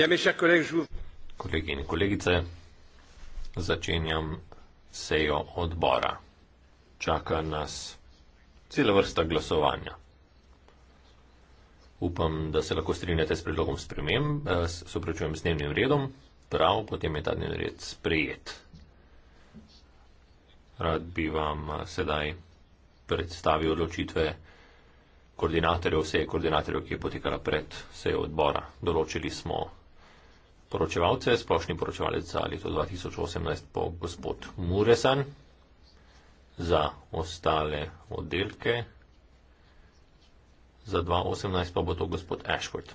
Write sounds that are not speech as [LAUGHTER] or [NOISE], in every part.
Ja, Kolegi in kolegice, začenjam sejo odbora. Čaka nas cela vrsta glasovanja. Upam, da se lahko strinjate s predlogom sprememb, eh, s oprečujem s dnevnim redom, prav, potem je ta dnevni red sprejet. Rad bi vam eh, sedaj predstavil odločitve koordinatorjev, vse koordinatorjev, ki je potekala pred sejo odbora. Določili smo poročevalce, splošni poročevalec za leto 2018 po gospod Muresan. Za ostale oddelke za 2018 pa bo to gospod Ashford.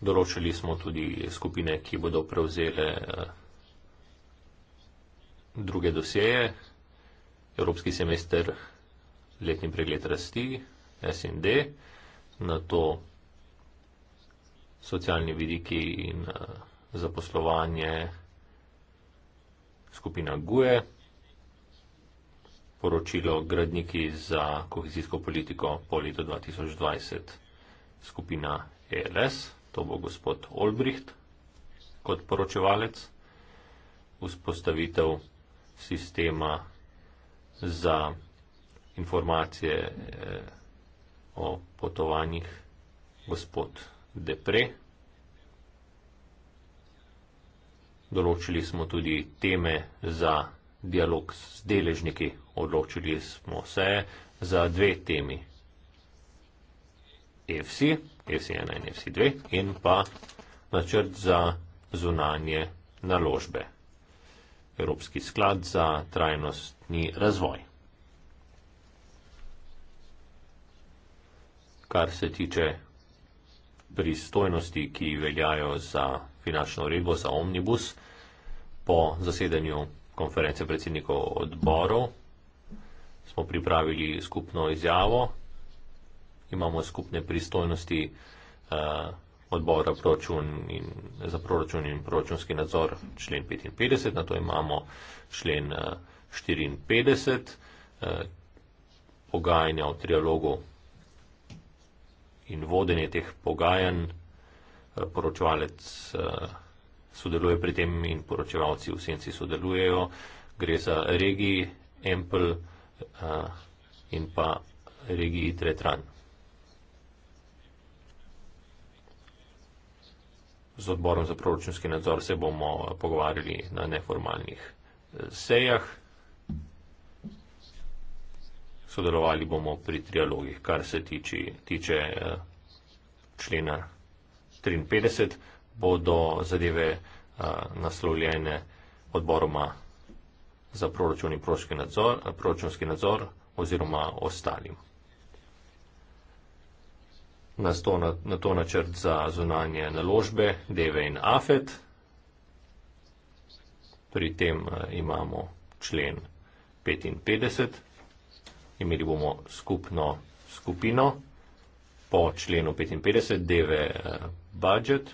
Določili smo tudi skupine, ki bodo prevzele eh, druge doseje. Evropski semester letni pregled rasti, SND, na to socialni vidiki in eh, zaposlovanje skupina GUE, poročilo gradniki za kohezijsko politiko po letu 2020 skupina ELS, to bo gospod Olbricht kot poročevalec, vzpostavitev sistema za informacije eh, o potovanjih gospod Depre. Določili smo tudi teme za dialog s deležniki. Odločili smo se za dve temi. FC, FC1 in FC2 in pa načrt za zunanje naložbe. Evropski sklad za trajnostni razvoj. kar se tiče pristojnosti, ki veljajo za finančno uredbo za omnibus, po zasedanju konference predsednikov odborov smo pripravili skupno izjavo, imamo skupne pristojnosti eh, odbora proračun in, za proračun in proračunski nadzor, člen 55, na to imamo člen eh, 54, eh, pogajanja v trialogu in vodenje teh pogajanj. Eh, poročevalec eh, sodeluje pri tem in poročevalci v senci sodelujejo. Gre za regiji Empel eh, in pa regiji Tretran. Z odborom za proračunski nadzor se bomo pogovarjali na neformalnih sejah sodelovali bomo pri trialogih, kar se tiče, tiče eh, člena 53, bodo zadeve eh, naslovljene odboroma za proračun in proračunski nadzor, eh, proračunski nadzor oziroma ostalim. Na to, na, na to načrt za zunanje naložbe DV in AFET. Pri tem imamo člen 55 imeli bomo skupno skupino po členu 55 deve eh, budget,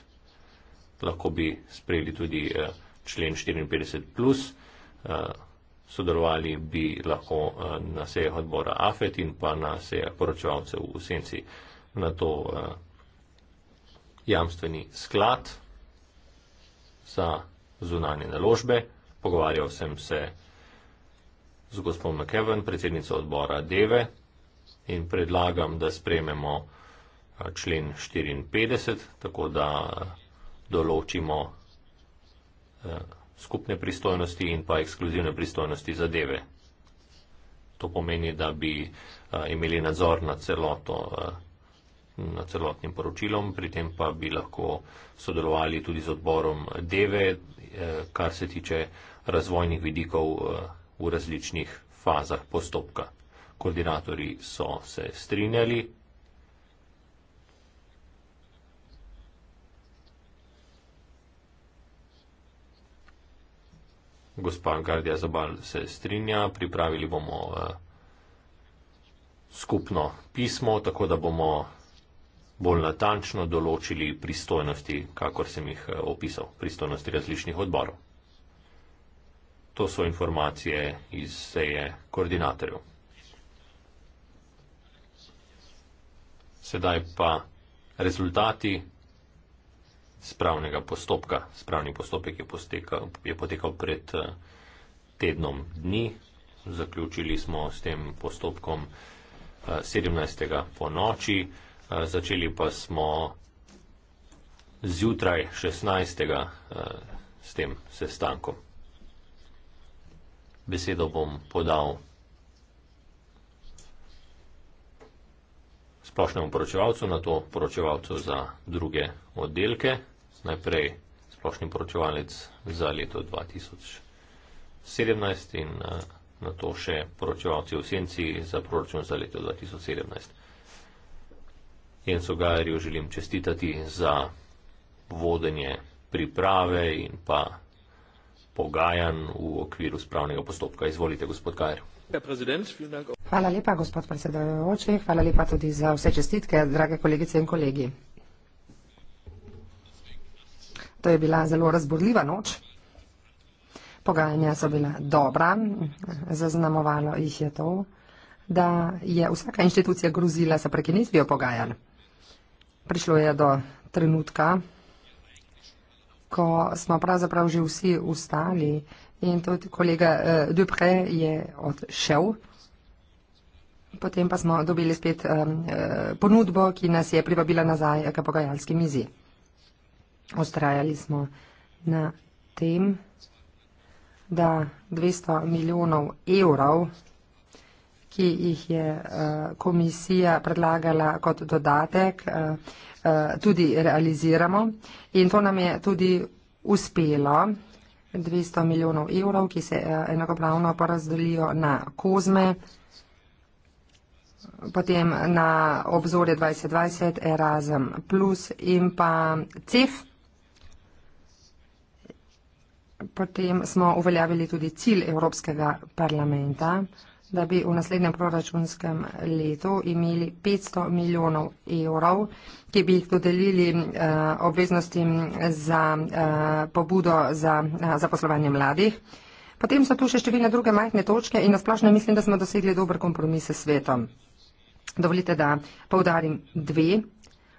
lahko bi sprejeli tudi eh, člen 54 plus, eh, sodelovali bi lahko na sejah odbora AFET in pa na sejah poročevalcev v senci na to jamstveni sklad za zunanje naložbe. Pogovarjal sem se z gospod McKevin, predsednico odbora Deve in predlagam, da sprememo eh, člen 54, tako da eh, določimo eh, skupne pristojnosti in pa ekskluzivne pristojnosti za Deve. To pomeni, da bi imeli nadzor nad celoto na celotnim poročilom, pri tem pa bi lahko sodelovali tudi z odborom DEVE, kar se tiče razvojnih vidikov v različnih fazah postopka. Koordinatori so se strinjali. Gospa Gardija Zabal se strinja, pripravili bomo eh, skupno pismo, tako da bomo bolj natančno določili pristojnosti, kakor sem jih eh, opisal, pristojnosti različnih odborov. To so informacije iz seje koordinatorjev. Sedaj pa rezultati spravnega postopka. Spravni postopek je, postekal, je potekal pred eh, tednom dni. Zaključili smo s tem postopkom 17. Eh, po noči. Eh, začeli pa smo zjutraj 16. s tem sestankom besedo bom podal splošnemu poročevalcu, na to poročevalcu za druge oddelke. Najprej splošni poročevalec za leto 2017 in eh, na to še poročevalci v senci za proračun za leto 2017. Jensu Gajerju želim čestitati za vodenje priprave in pa pogajanj v okviru spravnega postopka. Izvolite, gospod Kajer. Hvala lepa, gospod predsedajoči. Hvala lepa tudi za vse čestitke, drage kolegice in kolegi. To je bila zelo razburljiva noč. Pogajanja so bila dobra, zaznamovalo jih je to, da je vsaka inštitucija grozila sa prekinitvijo pogajanj. Prišlo je do trenutka, ko smo pravzaprav že vsi ustali in tudi kolega uh, Dupre je odšel. Potem pa smo dobili spet um, ponudbo, ki nas je privabila nazaj k pogajalski mizi. Ostrajali smo na tem, da 200 milijonov evrov, ki jih je uh, komisija predlagala kot dodatek, uh, Eh, tudi realiziramo in to nam je tudi uspelo. 200 milijonov evrov, ki se eh, enakopravno porazdelijo na kozme, potem na obzore 2020 Erasm Plus in pa CEF. Potem smo uveljavili tudi cilj Evropskega parlamenta da bi v naslednjem proračunskem letu imeli 500 milijonov evrov, ki bi jih dodelili uh, eh, obveznosti za uh, pobudo za uh, eh, zaposlovanje mladih. Potem so tu še številne druge majhne točke in na splošno mislim, da smo dosegli dober kompromis s svetom. Dovolite, da poudarim dve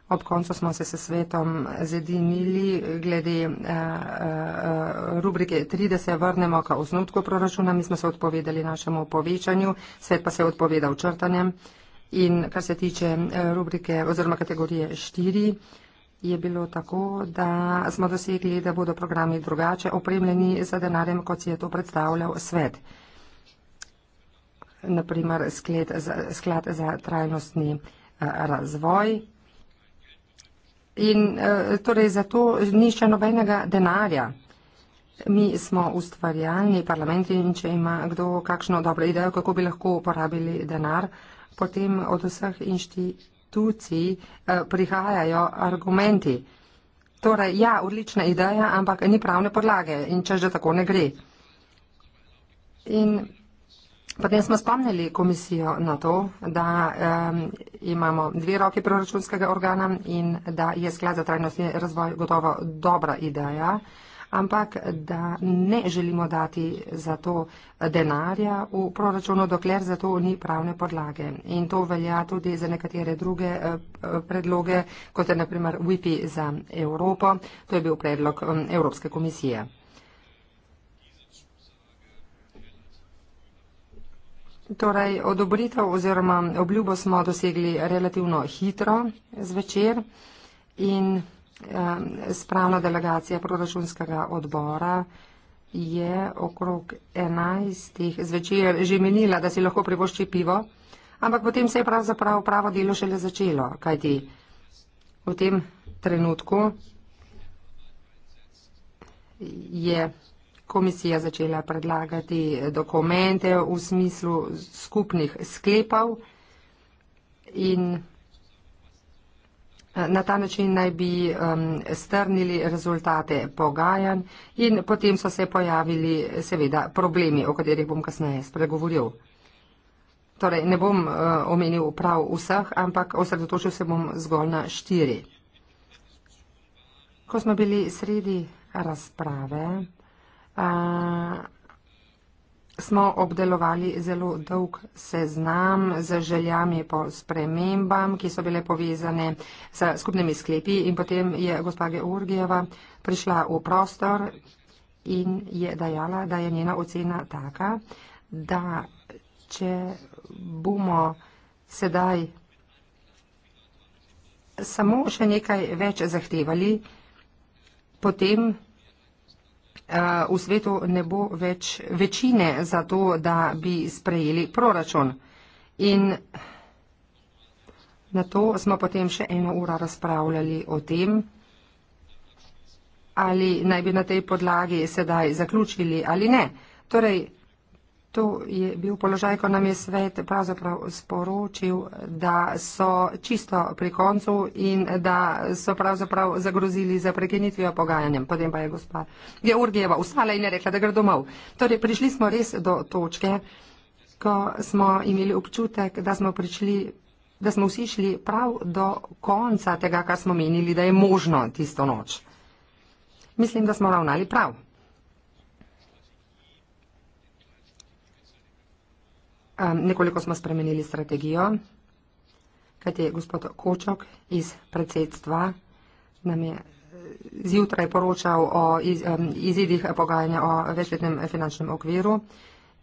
Ob koncu smo se s svetom zedinili glede eh, eh, rubrike 30, vrnemo k osnutku proračuna. Mi smo se odpovedali našemu povečanju, svet pa se je odpovedal črtanjem. In kar se tiče eh, rubrike oziroma kategorije 4, je bilo tako, da smo dosegli, da bodo programi drugače opremljeni za denarjem, kot si je to predstavljal svet. Naprimer, sklad za trajnostni razvoj In uh, torej za to ni še nobenega denarja. Mi smo ustvarjalni parlamenti in če ima kdo kakšno dobro idejo, kako bi lahko uporabili denar, potem od vseh inštitucij uh, prihajajo argumenti. Torej, ja, odlična ideja, ampak ni pravne podlage in če že tako ne gre. In Potem smo spomnili komisijo na to, da um, imamo dve roke proračunskega organa in da je sklad za trajnostni razvoj gotovo dobra ideja, ampak da ne želimo dati za to denarja v proračunu, dokler za to ni pravne podlage. In to velja tudi za nekatere druge eh, predloge, kot je naprimer WIPI za Evropo. To je bil predlog Evropske komisije. Torej, odobritev oziroma obljubo smo dosegli relativno hitro zvečer in eh, spravna delegacija proračunskega odbora je okrog 11. zvečer že menila, da si lahko privošči pivo, ampak potem se je pravzaprav pravo delo šele začelo, kajti v tem trenutku je komisija začela predlagati dokumente v smislu skupnih sklepov in eh, na ta način naj bi um, strnili rezultate pogajanj in potem so se pojavili seveda problemi, o katerih bom kasneje spregovoril. Torej, ne bom uh, omenil prav vseh, ampak osredotočil se bom zgolj na štiri. Ko smo bili sredi razprave, a, smo obdelovali zelo dolg seznam z željami po spremembam, ki so bile povezane s skupnimi sklepi in potem je gospa Georgijeva prišla v prostor in je dajala, da je njena ocena taka, da če bomo sedaj samo še nekaj več zahtevali, potem Eh, v svetu ne bo več večine za to, da bi sprejeli proračun. In na to smo potem še eno uro razpravljali o tem, ali naj bi na tej podlagi sedaj zaključili ali ne. Torej, To je bil položaj, ko nam je svet pravzaprav sporočil, da so čisto pri koncu in da so pravzaprav zagrozili za prekinitvijo pogajanjem. Potem pa je gospa Georgijeva ustala in je rekla, da gre domov. Torej, prišli smo res do točke, ko smo imeli občutek, da smo prišli da smo vsi šli prav do konca tega, kar smo menili, da je možno tisto noč. Mislim, da smo ravnali prav. Nekoliko smo spremenili strategijo, kajte gospod Kočok iz predsedstva nam je eh, zjutraj poročal o izidih pogajanja o večletnem eh, finančnem okviru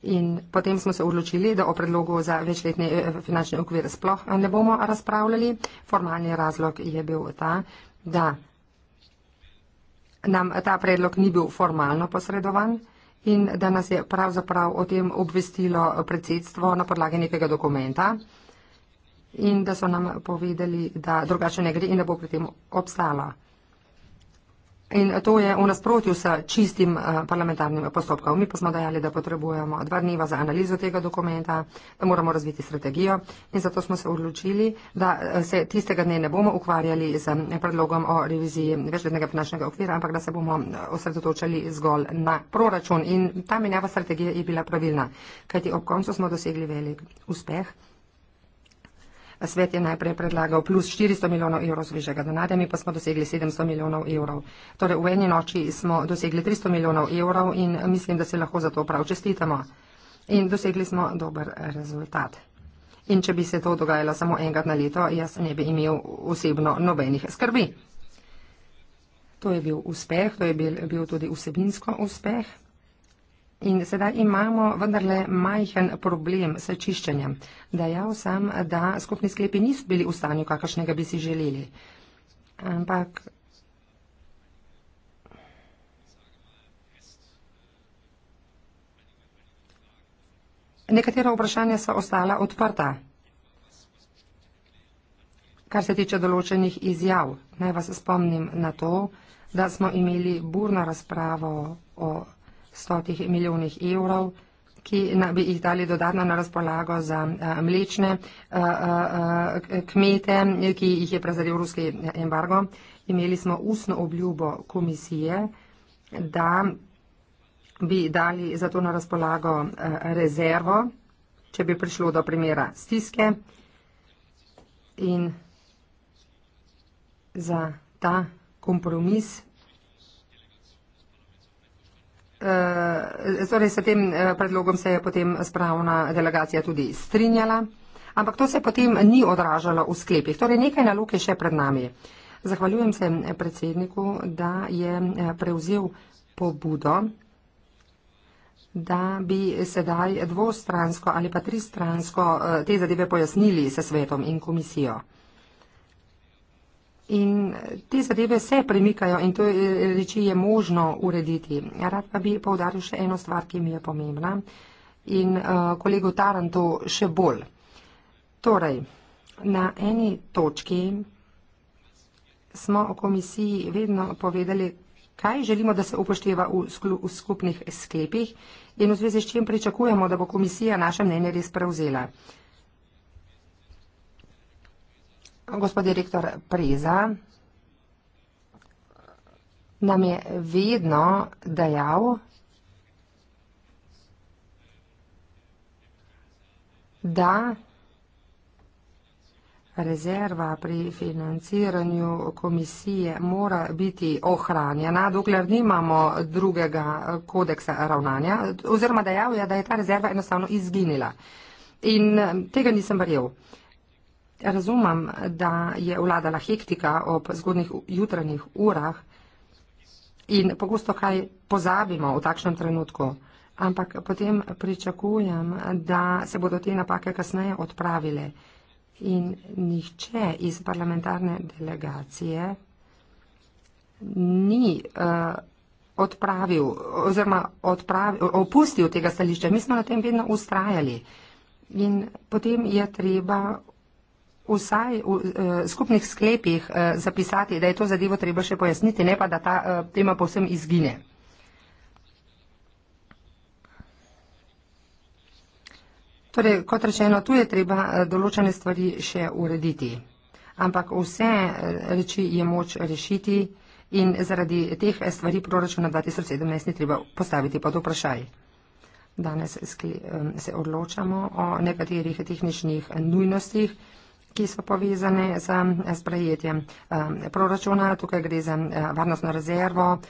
in potem smo se odločili, da o predlogu za večletni eh, finančni okvir sploh ne bomo razpravljali. Formalni razlog je bil ta, da nam ta predlog ni bil formalno posredovan in da nas je pravzaprav o tem obvestilo predsedstvo na podlagi nekega dokumenta in da so nam povedali, da drugače ne gre in da bo pri tem obstala. In to je v nasprotju s čistim eh, parlamentarnim postopkom. Mi pa smo dejali, da potrebujemo dva dneva za analizo tega dokumenta, da moramo razviti strategijo in zato smo se odločili, da eh, se tistega dne ne bomo ukvarjali z eh, predlogom o reviziji večletnega finančnega okvira, ampak da se bomo osredotočali zgolj na proračun. In ta menjava strategije je bila pravilna, kajti ob koncu smo dosegli velik uspeh. Svet je najprej predlagal plus 400 milijonov evrov svežega denarja, mi pa smo dosegli 700 milijonov evrov. Torej v eni noči smo dosegli 300 milijonov evrov in mislim, da se lahko za to prav čestitamo. In dosegli smo dober rezultat. In če bi se to dogajalo samo enkrat na leto, jaz ne bi imel osebno nobenih skrbi. To je bil uspeh, to je bil, bil tudi vsebinsko uspeh in sedaj imamo vendarle majhen problem s čiščenjem. Dejal sem, da skupni sklepi niso bili v stanju, kakršnega bi si želeli. Ampak nekatera vprašanja so ostala odprta, kar se tiče določenih izjav. Naj vas spomnim na to, da smo imeli burno razpravo o stotih milijonih evrov ki bi jih dali dodatno na razpolago za eh, mlečne eh, eh, kmete, ki jih je prezadel ruski embargo. Imeli smo ustno obljubo komisije, da bi dali za to na razpolago rezervo, če bi prišlo do primera stiske in za ta kompromis Eh, torej s tem eh, predlogom se je potem spravna delegacija tudi strinjala, ampak to se potem ni odražalo v sklepih. Torej nekaj nalog je še pred nami. Zahvaljujem se predsedniku, da je eh, prevzel pobudo, da bi sedaj dvostransko ali pa tristransko te zadeve pojasnili s svetom in komisijo. In te zadeve se premikajo in to eh, reči je možno urediti. Rad pa bi povdaril še eno stvar, ki mi je pomembna in uh, eh, kolego Taranto še bolj. Torej, na eni točki smo o komisiji vedno povedali, kaj želimo, da se upošteva v, v skupnih sklepih in v zvezi s čim pričakujemo, da bo komisija naše mnenje res prevzela. Uh, Gospod direktor Priza nam je vidno dejal, da rezerva pri financiranju komisije mora biti ohranjena, dokler nimamo drugega kodeksa ravnanja, oziroma dejal je, da je ta rezerva enostavno izginila. In eh, tega nisem verjel. Razumem, da je vladala hektika ob zgodnih jutranjih urah in pogosto kaj pozabimo v takšnem trenutku, ampak potem pričakujem, da se bodo te napake kasneje odpravile in nihče iz parlamentarne delegacije ni uh, odpravil oziroma odpravil, opustil tega stališča. Mi smo na tem vedno ustrajali in potem je treba vsaj v uh, skupnih sklepih uh, zapisati, da je to zadevo treba še pojasniti, ne pa da ta uh, tema povsem izgine. Torej, kot rečeno, tu je treba določene stvari še urediti, ampak vse reči je moč rešiti in zaradi teh stvari proračuna 2017 ni treba postaviti pod vprašaj. Danes se odločamo o nekaterih tehničnih nujnostih ki so povezane z eh, sprejetjem eh, proračuna, tukaj gre za eh, varnostno rezervo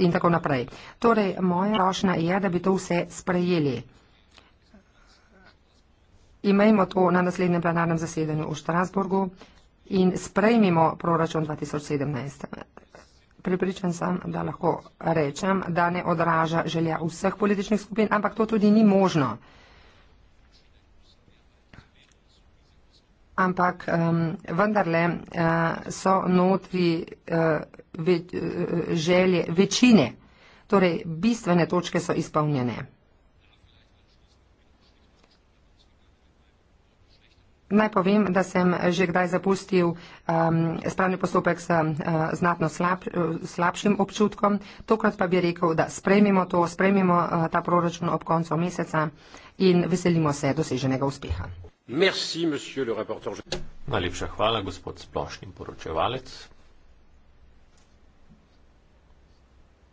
in tako naprej. Torej, moja prošnja je, da bi to vse sprejeli. Imejmo to na naslednjem plenarnem zasedanju v Štrasburgu in sprejmimo proračun 2017. Pripričan sem, da lahko rečem, da ne odraža želja vseh političnih skupin, ampak to tudi ni možno. ampak um, vendarle uh, so notri uh, ve, uh, želje večine, torej bistvene točke so izpolnjene. Naj povem, da sem že kdaj zapustil um, spravni postopek s uh, znatno slab, uh, slabšim občutkom, tokrat pa bi rekel, da sprejmimo to, sprejmimo uh, ta proračun ob koncu meseca in veselimo se doseženega uspeha. Merci, monsieur le rapporteur. Najlepša hvala, gospod splošni poročevalec.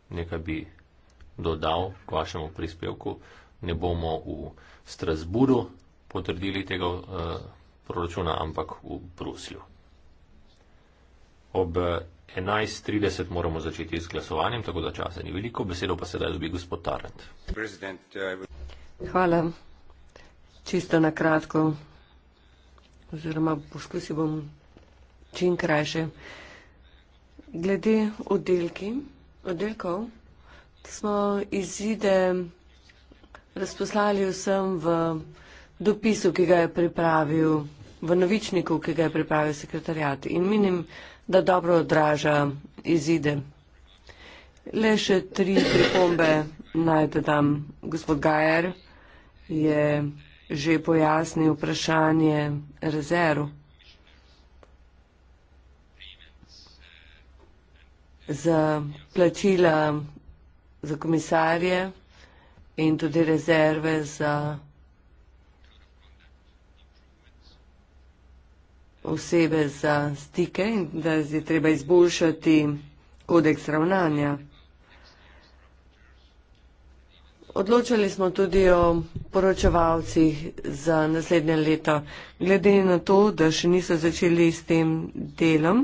Nekaj bi dodal k vašemu prispevku. Ne bomo v Strasburu potrdili tega eh, proračuna, ampak v Bruslju. Ob 11.30 moramo začeti z glasovanjem, tako da časa ni veliko. Besedo pa sedaj dobi gospod Tarant. Eh, hvala. Čisto na kratko oziroma poskusil bom čim krajše. Glede oddelki, oddelkov, smo izide razposlali vsem v dopisu, ki ga je pripravil, v novičniku, ki ga je pripravil sekretarjat. In menim, da dobro odraža izide. Le še tri pripombe naj dodam. Gospod Gajer je že pojasnil vprašanje rezerv. Za plačila za komisarje in tudi rezerve za osebe za stike in da je treba izboljšati kodeks ravnanja. Odločali smo tudi o poročevalcih za naslednje leto. Glede na to, da še niso začeli s tem delom,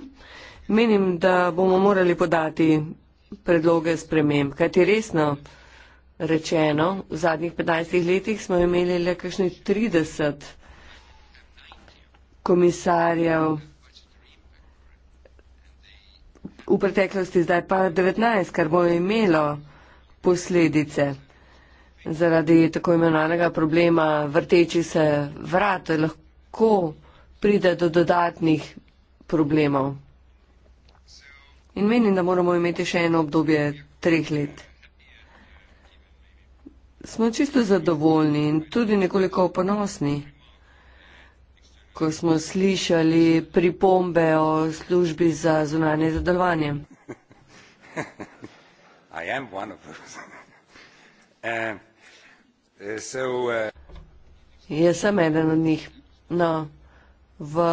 menim, da bomo morali podati predloge sprememb, kajti resno rečeno, v zadnjih 15 letih smo imeli le kakšne 30 komisarjev, v preteklosti zdaj pa 19, kar bo imelo posledice zaradi tako imenovanega problema vrteči se vrat, lahko pride do dodatnih problemov. In menim, da moramo imeti še eno obdobje treh let. Smo čisto zadovoljni in tudi nekoliko ponosni, ko smo slišali pripombe o službi za zunanje zadovanje. [LAUGHS] I am one of those. uh. [LAUGHS] Eh, eh, Jaz sem eden od njih. No, v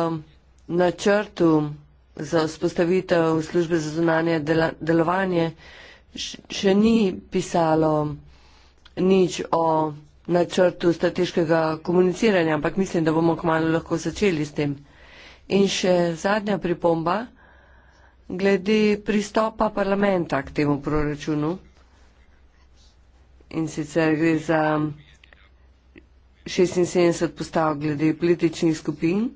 načrtu za vzpostavitev službe za zunanje delovanje še ni pisalo nič o načrtu strateškega komuniciranja, ampak mislim, da bomo kmalo lahko začeli s tem. In še zadnja pripomba glede pristopa parlamenta k temu proračunu in sicer gre za 76 postav glede političnih skupin.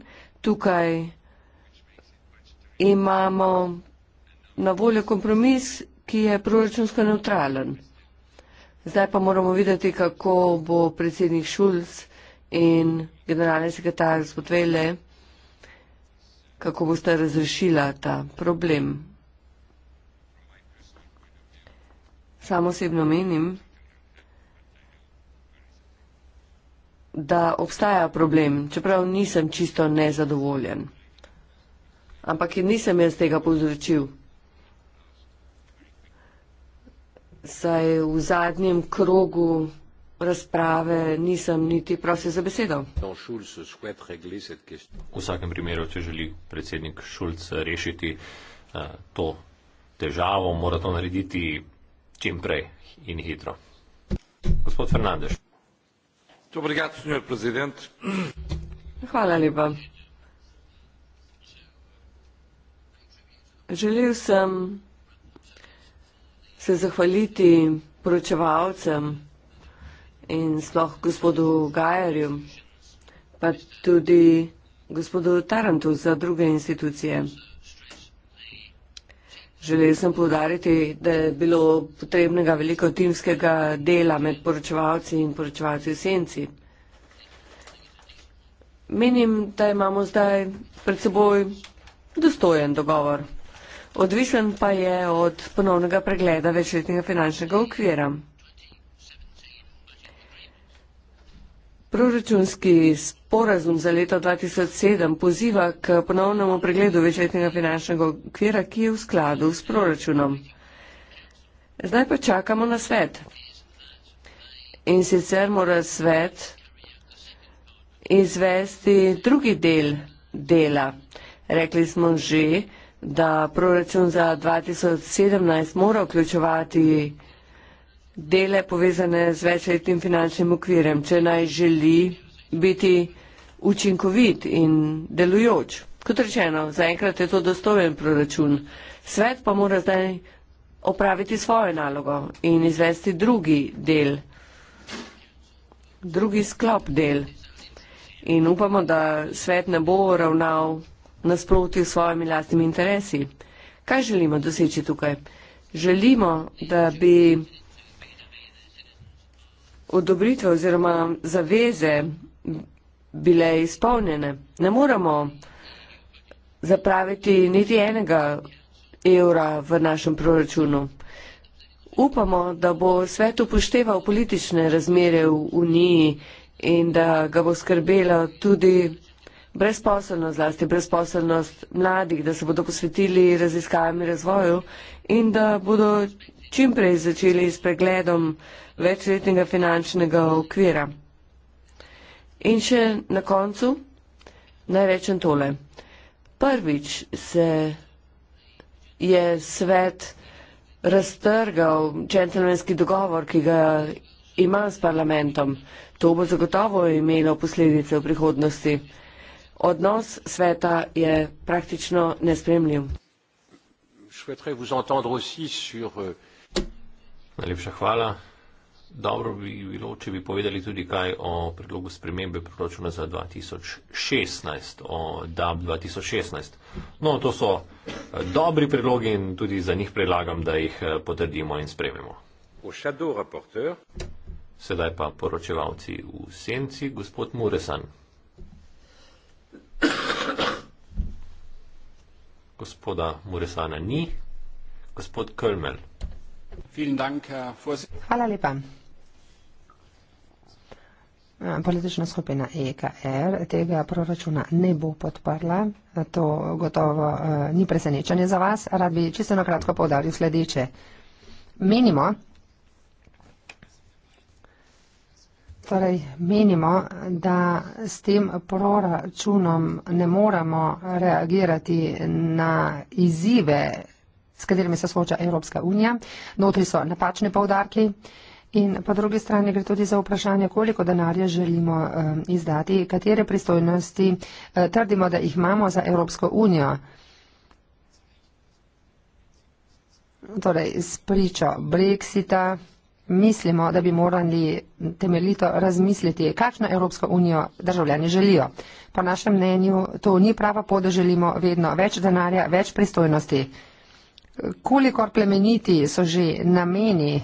Tukaj imamo na voljo kompromis, ki je proračunsko neutralen. Zdaj pa moramo videti, kako bo predsednik Šulc in generalni sekretar gospod Vele, kako boste razrešila ta problem. Samo osebno menim, da obstaja problem, čeprav nisem čisto nezadovoljen. Ampak nisem jaz tega povzročil. Saj v zadnjem krogu razprave nisem niti prosil za besedo. V vsakem primeru, če želi predsednik Šulc rešiti uh, to težavo, mora to narediti čim prej in hitro. Gospod Fernandez. Obrigado, Sr. Presidente. Hvala lepa. Želel sem se zahvaliti poročevalcem in sploh gospodu Gajerju, pa tudi gospodu Tarantu za druge institucije. Želel sem povdariti, da je bilo potrebnega veliko timskega dela med poročevalci in poročevalci v senci. Menim, da imamo zdaj pred seboj dostojen dogovor. Odvisen pa je od ponovnega pregleda večletnega finančnega okvira. Proračunski sporazum za leto 2007 poziva k ponovnemu pregledu večletnega finančnega okvira, ki je v skladu s proračunom. Zdaj pa čakamo na svet. In sicer mora svet izvesti drugi del dela. Rekli smo že, da proračun za 2017 mora vključevati dele povezane z večletnim finančnim okvirem, če naj želi biti učinkovit in delujoč. Kot rečeno, zaenkrat je to dostojen proračun. Svet pa mora zdaj opraviti svojo nalogo in izvesti drugi del, drugi sklop del. In upamo, da svet ne bo ravnal nasproti svojimi lastnimi interesi. Kaj želimo doseči tukaj? Želimo, da bi odobritve oziroma zaveze bile izpolnjene. Ne moramo zapraviti niti enega evra v našem proračunu. Upamo, da bo svet upošteval politične razmere v Uniji in da ga bo skrbela tudi brezposobnost, zlasti brezposobnost mladih, da se bodo posvetili raziskavam in razvoju in da bodo čim prej začeli s pregledom večletnega finančnega okvira. In še na koncu naj rečem tole. Prvič se je svet raztrgal džentlmenski dogovor, ki ga ima s parlamentom. To bo zagotovo imelo posledice v prihodnosti. Odnos sveta je praktično nespremljiv. Je voudrais vous entendre aussi sur euh, Najlepša hvala. Dobro bi bilo, če bi povedali tudi kaj o predlogu spremembe proračuna za 2016, o DAB 2016. No, to so eh, dobri predlogi in tudi za njih predlagam, da jih eh, potrdimo in sprememo. Sedaj pa poročevalci v senci, gospod Muresan. Gospoda Muresana ni, gospod Kölmel. Hvala lepa. Ja, politična skupina EKR tega proračuna ne bo podprla. To gotovo eh, ni presenečenje za vas. Rad bi čisto na kratko povdaril sledeče. Menimo, torej menimo, da s tem proračunom ne moramo reagirati na izzive, s katerimi se sooča Evropska unija. Notri so napačni povdarki. In pa drugi strani gre tudi za vprašanje, koliko denarja želimo uh, izdati, katere pristojnosti uh, trdimo, da jih imamo za Evropsko unijo. Torej, s pričo Brexita mislimo, da bi morali temeljito razmisliti, kakšno Evropsko unijo državljani želijo. Po našem mnenju to ni prava pot, da želimo vedno več denarja, več pristojnosti. Kolikor plemeniti so že nameni,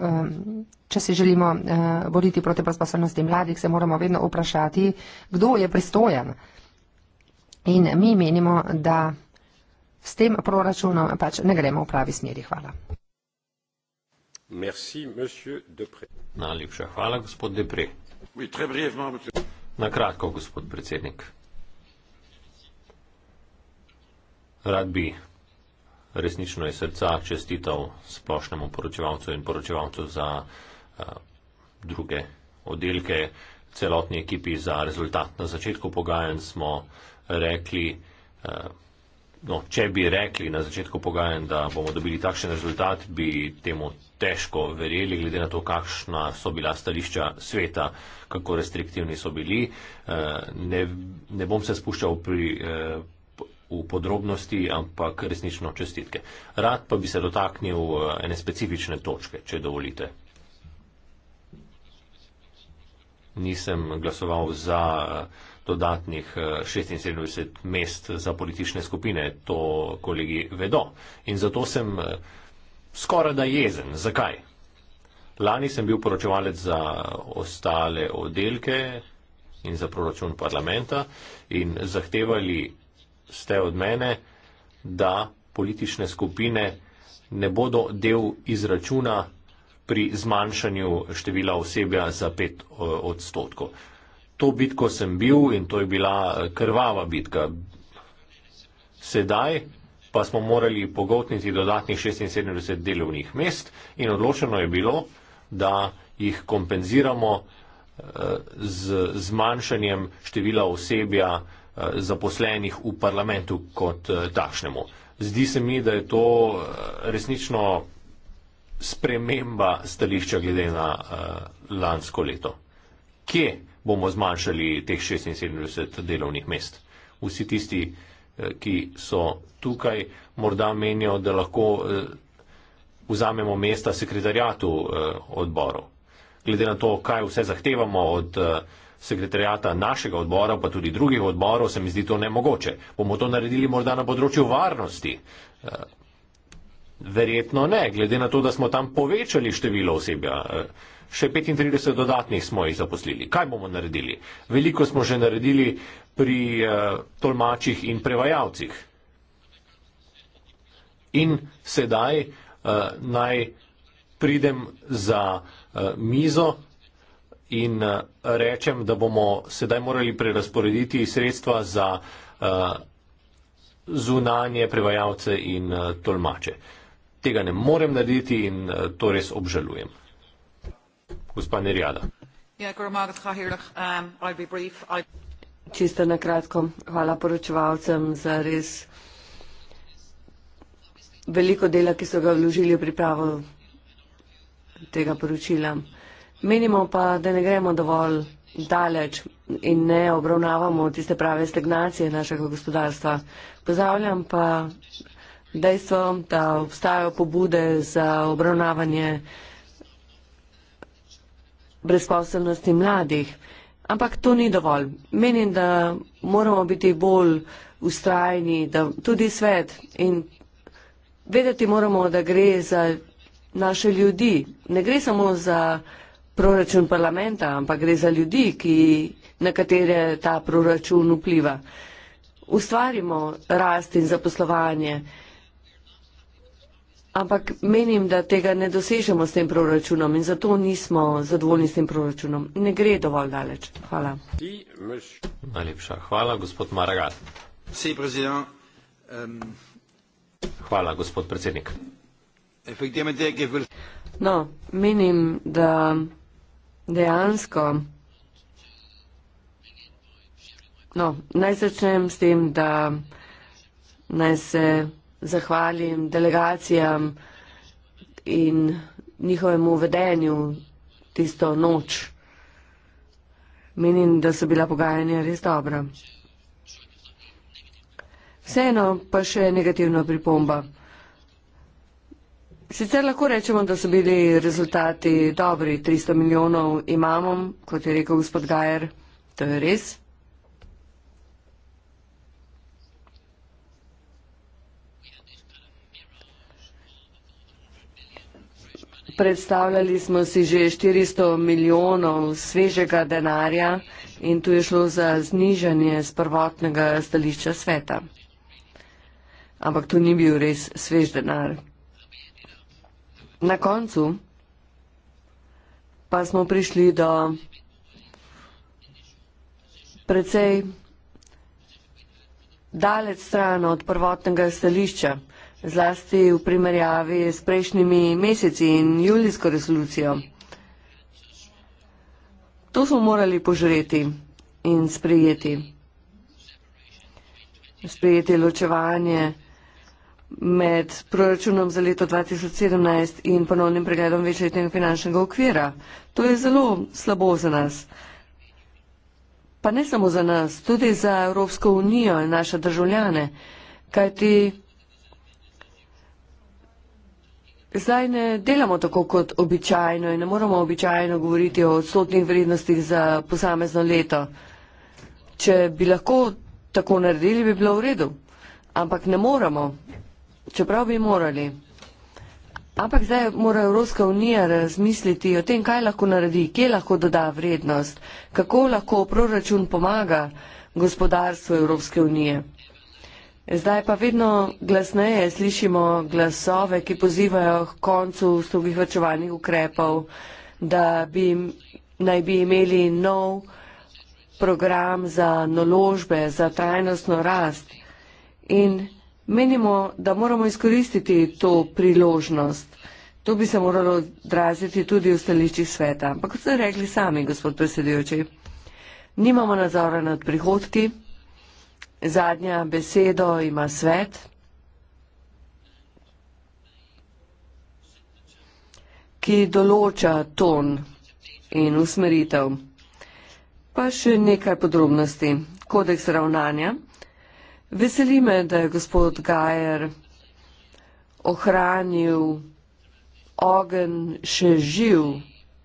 um, če se želimo uh, boriti proti brezposobnosti mladih, se moramo vedno vprašati, kdo je pristojen. In mi menimo, da s tem proračunom pač ne gremo v pravi smeri. Hvala. Merci, Najlepša hvala, gospod Depre. Oui, Na kratko, gospod predsednik. Rad bi resnično iz srca čestital splošnemu poročevalcu in poročevalcu za uh, druge oddelke, celotni ekipi za rezultat. Na začetku pogajanj smo rekli, uh, no, če bi rekli na začetku pogajanj, da bomo dobili takšen rezultat, bi temu težko verjeli, glede na to, kakšna so bila stališča sveta, kako restriktivni so bili. Uh, ne, ne bom se spuščal pri. Uh, v podrobnosti, ampak resnično čestitke. Rad pa bi se dotaknil eh, ene specifične točke, če dovolite. Nisem glasoval za eh, dodatnih 76 eh, mest za politične skupine, to kolegi vedo. In zato sem skoraj da jezen. Zakaj? Lani sem bil poročevalec za ostale oddelke in za proračun parlamenta in zahtevali ste od mene, da politične skupine ne bodo del izračuna pri zmanjšanju števila osebja za pet eh, odstotkov. To bitko sem bil in to je bila eh, krvava bitka. Sedaj pa smo morali pogotniti dodatnih 76 delovnih mest in odločeno je bilo, da jih kompenziramo eh, z zmanjšanjem števila osebja zaposlenih v parlamentu kot eh, takšnemu. Zdi se mi, da je to eh, resnično sprememba stališča glede na uh, lansko leto. Kje bomo zmanjšali teh 76 delovnih mest? Vsi tisti, ki so tukaj, morda menijo, da lahko uh, vzamemo mesta sekretarjatu uh, odborov. Glede na to, kaj vse zahtevamo od uh, sekretarjata našega odbora, pa tudi drugih odborov, se mi zdi to nemogoče. Bomo to naredili morda na področju varnosti? Eh, verjetno ne, glede na to, da smo tam povečali število osebja. Eh, še 35 dodatnih smo jih zaposlili. Kaj bomo naredili? Veliko smo že naredili pri eh, tolmačih in prevajalcih. In sedaj naj pridem za mizo in eh, rečem, da bomo sedaj morali prerasporediti sredstva za uh, zunanje prevajalce in uh, tolmače. Tega ne morem narediti in uh, to res obžalujem. Gospa Nerjada. Ja, Čisto na kratko, hvala poročevalcem za res veliko dela, ki so ga vložili v pripravo tega poročila. Menimo pa, da ne gremo dovolj daleč in ne obravnavamo tiste prave stagnacije našega gospodarstva. Pozdravljam pa dejstvo, da obstajajo pobude za obravnavanje brezposobnosti mladih. Ampak to ni dovolj. Menim, da moramo biti bolj ustrajni, da tudi svet in vedeti moramo, da gre za naše ljudi. Ne gre samo za proračun parlamenta, ampak gre za ljudi, ki, na katere ta proračun vpliva. Ustvarimo rast in zaposlovanje, ampak menim, da tega ne dosežemo s tem proračunom in zato nismo zadovoljni s tem proračunom. Ne gre dovolj daleč. Hvala. Najlepša hvala, gospod Maragat. Hvala, gospod predsednik. No, menim, da Dejansko. No, naj začnem s tem, da naj se zahvalim delegacijam in njihovemu vedenju tisto noč. Menim, da so bila pogajanja res dobra. Vseeno pa še negativna pripomba. Sicer lahko rečemo, da so bili rezultati dobri, 300 milijonov imamo, kot je rekel gospod Gajer, to je res. Predstavljali smo si že 400 milijonov svežega denarja in tu je šlo za znižanje z prvotnega stališča sveta. Ampak to ni bil res svež denar. Na koncu pa smo prišli do precej daleč stran od prvotnega stališča, zlasti v primerjavi s prejšnjimi meseci in julijsko resolucijo. To smo morali požreti in sprijeti. Sprijeti ločevanje med proračunom za leto 2017 in ponovnim pregledom večletnega finančnega okvira. To je zelo slabo za nas. Pa ne samo za nas, tudi za Evropsko unijo in naše državljane. Kaj ti zdaj ne delamo tako kot običajno in ne moramo običajno govoriti o odstotnih vrednostih za posamezno leto. Če bi lahko tako naredili, bi bilo v redu. Ampak ne moramo čeprav bi morali. Ampak zdaj mora Evropska unija razmisliti o tem, kaj lahko naredi, kje lahko doda vrednost, kako lahko proračun pomaga gospodarstvu Evropske unije. Zdaj pa vedno glasneje slišimo glasove, ki pozivajo k koncu strogih vrčevalnih ukrepov, da bi, naj bi imeli nov program za naložbe, za trajnostno rast. In Menimo, da moramo izkoristiti to priložnost. To bi se moralo odraziti tudi v stališčih sveta. Ampak kot ste rekli sami, gospod predsedujoči, nimamo nadzora nad prihodki, zadnja besedo ima svet. ki določa ton in usmeritev. Pa še nekaj podrobnosti. Kodeks ravnanja Veseli me, da je gospod Gajer ohranil ogen še živ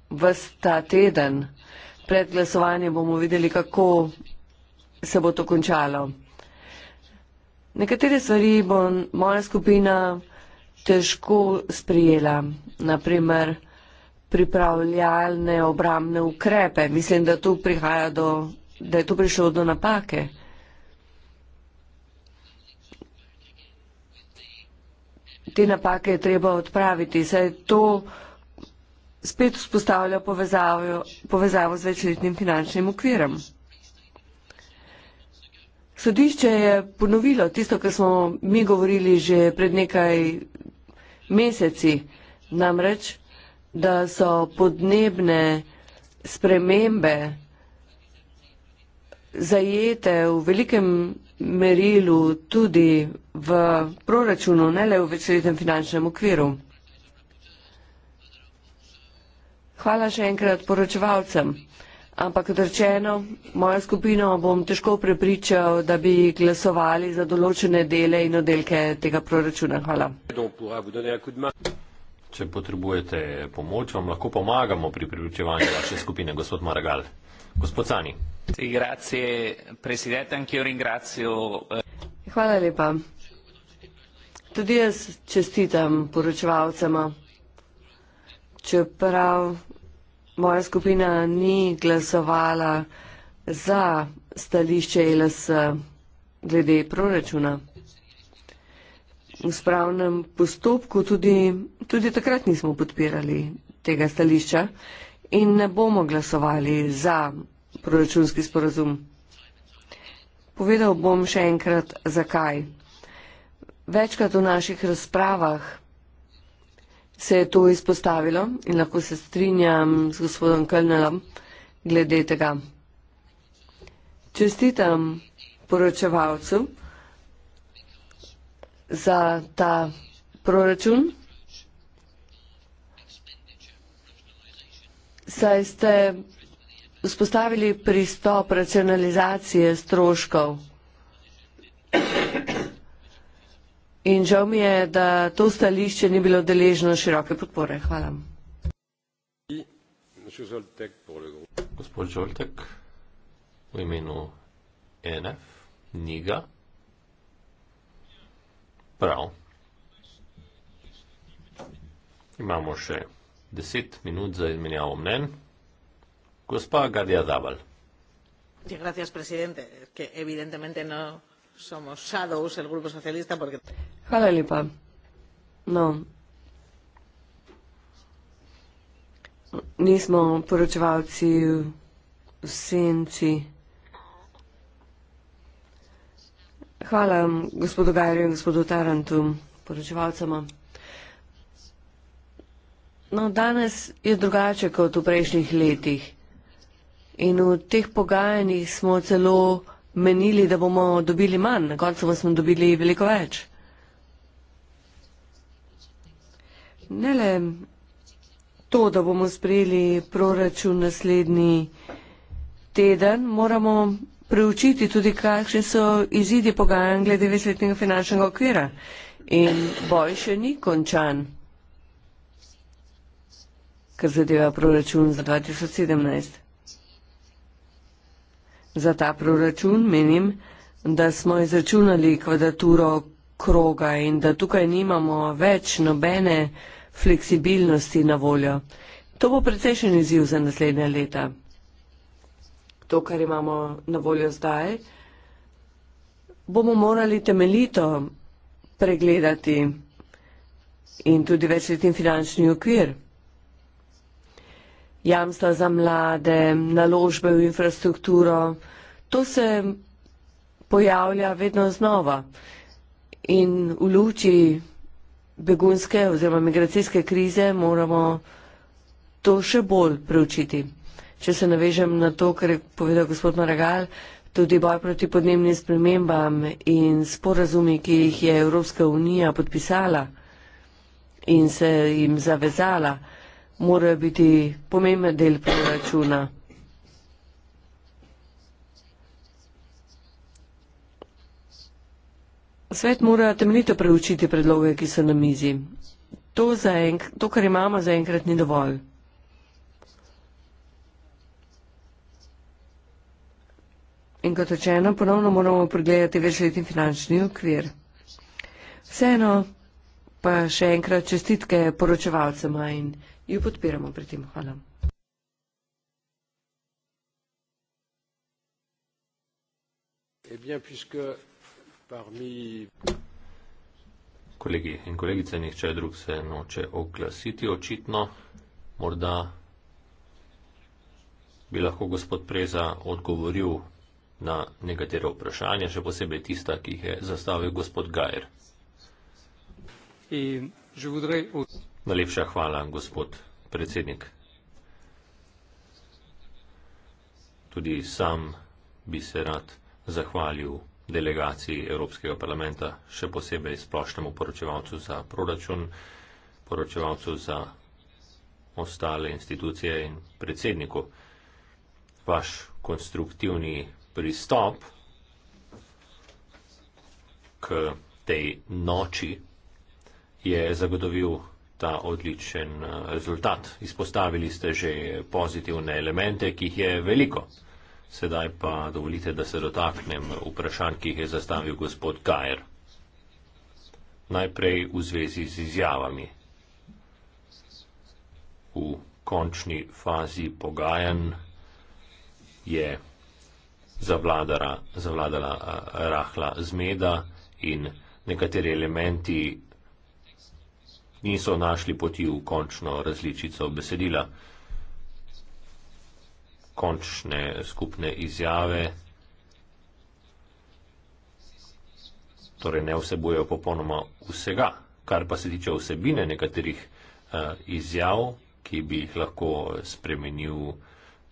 v ta teden. Pred glasovanjem bomo videli, kako se bo to končalo. Nekatere stvari bo moja skupina težko sprijela, naprimer pripravljalne obramne ukrepe. Mislim, da, do, da je tu prišlo do napake. te napake je treba odpraviti. Saj to spet vzpostavlja povezavo, povezavo z večletnim finančnim okvirom. Sodišče je ponovilo tisto, kar smo mi govorili že pred nekaj meseci, namreč, da so podnebne spremembe zajete v velikem merilu tudi v proračunu, ne le v večletnem finančnem okviru. Hvala še enkrat poročevalcem, ampak odrečeno, mojo skupino bom težko prepričal, da bi glasovali za določene dele in oddelke tega proračuna. Hvala. Če potrebujete pomoč, vam lahko pomagamo pri priučevanju vaše skupine, gospod Maragal. Gospod Cani. Grazie, presidente, anche io ringrazio. Eh. Hvala lepa. Tudi jaz čestitam poročevalcema. Čeprav moja skupina ni glasovala za stališče LS glede proračuna. V spravnem postopku tudi, tudi takrat nismo podpirali tega stališča in ne bomo glasovali za proračunski sporozum. Povedal bom še enkrat, zakaj. Večkrat v naših razpravah se je to izpostavilo in lahko se strinjam z gospodom Kölnerom glede tega. Čestitam poročevalcu za ta proračun. Saj ste vzpostavili pristop racionalizacije stroškov. In žal mi je, da to stališče ni bilo deležno široke podpore. Hvala. Gospod Žoltek, v imenu NF, Niga. Prav. Imamo še deset minut za izmenjavo mnen. Gospa Gardia Dabal. Sí, gracias, presidente. Que evidentemente no somos shadows el Grupo Socialista porque... Hvala lepa. No. Nismo poročevalci v senci. Hvala gospodu Gajri in gospodu Tarantu, poročevalcama. No, danes je drugače kot v prejšnjih letih. In v teh pogajanjih smo celo menili, da bomo dobili manj, na koncu pa smo dobili veliko več. Ne le to, da bomo sprejeli proračun naslednji teden, moramo preučiti tudi, kakšne so izidi pogajanj glede večletnega finančnega okvira. In boj še ni končan, kar zadeva proračun za 2017 za ta proračun, menim, da smo izračunali kvadraturo kroga in da tukaj nimamo več nobene fleksibilnosti na voljo. To bo precejšen izziv za naslednja leta. To, kar imamo na voljo zdaj, bomo morali temeljito pregledati in tudi večletni finančni okvir jamstva za mlade, naložbe v infrastrukturo. To se pojavlja vedno znova. In v luči begunske oziroma migracijske krize moramo to še bolj preučiti. Če se navežem na to, kar je povedal gospod Maragal, tudi boj proti podnebnim spremembam in sporazumi, ki jih je Evropska unija podpisala in se jim zavezala, morajo biti pomemben del proračuna. Svet mora temeljito preučiti predloge, ki so na mizi. To, enk, to kar imamo, zaenkrat ni dovolj. In kot rečeno, ponovno moramo pregledati večletni finančni okvir. Vseeno pa še enkrat čestitke poročevalcema in jo podpiramo pri tem. Hvala. Eh Kolegi in kolegice, nihče drug se noče oglasiti, očitno. Morda bi lahko gospod Preza odgovoril na nekatere vprašanja, še posebej tista, ki jih je zastavil gospod Gajer. In že vdrej od. Najlepša hvala, gospod predsednik. Tudi sam bi se rad zahvalil delegaciji Evropskega parlamenta, še posebej splošnemu poročevalcu za proračun, poročevalcu za ostale institucije in predsedniku. Vaš konstruktivni pristop k tej noči je zagotovil ta odličen eh, rezultat. Izpostavili ste že pozitivne elemente, ki jih je veliko. Sedaj pa dovolite, da se dotaknem vprašanj, ki jih je zastavil gospod Kajer. Najprej v zvezi z izjavami. V končni fazi pogajanj je zavladala, zavladala eh, rahla zmeda in nekateri elementi niso našli poti v končno različico besedila. Končne skupne izjave torej ne vsebojo popolnoma vsega, kar pa se tiče vsebine nekaterih uh, izjav, ki bi jih lahko spremenil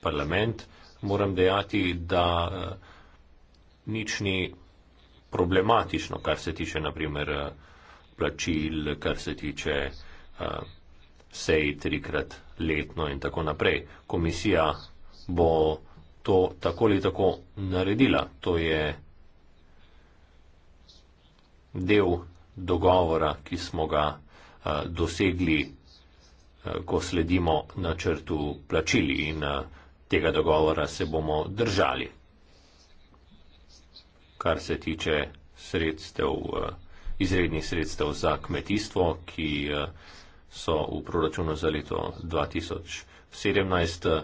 parlament, moram dejati, da uh, nič ni problematično, kar se tiče naprimer. Uh, eh, plačil, kar se tiče uh, sej trikrat letno in tako naprej. Komisija bo to tako ali tako naredila. To je del dogovora, ki smo ga uh, dosegli, uh, ko sledimo načrtu plačili in uh, tega dogovora se bomo držali. Kar se tiče sredstev. Uh, izrednih sredstev za kmetijstvo, ki eh, so v proračunu za leto 2017.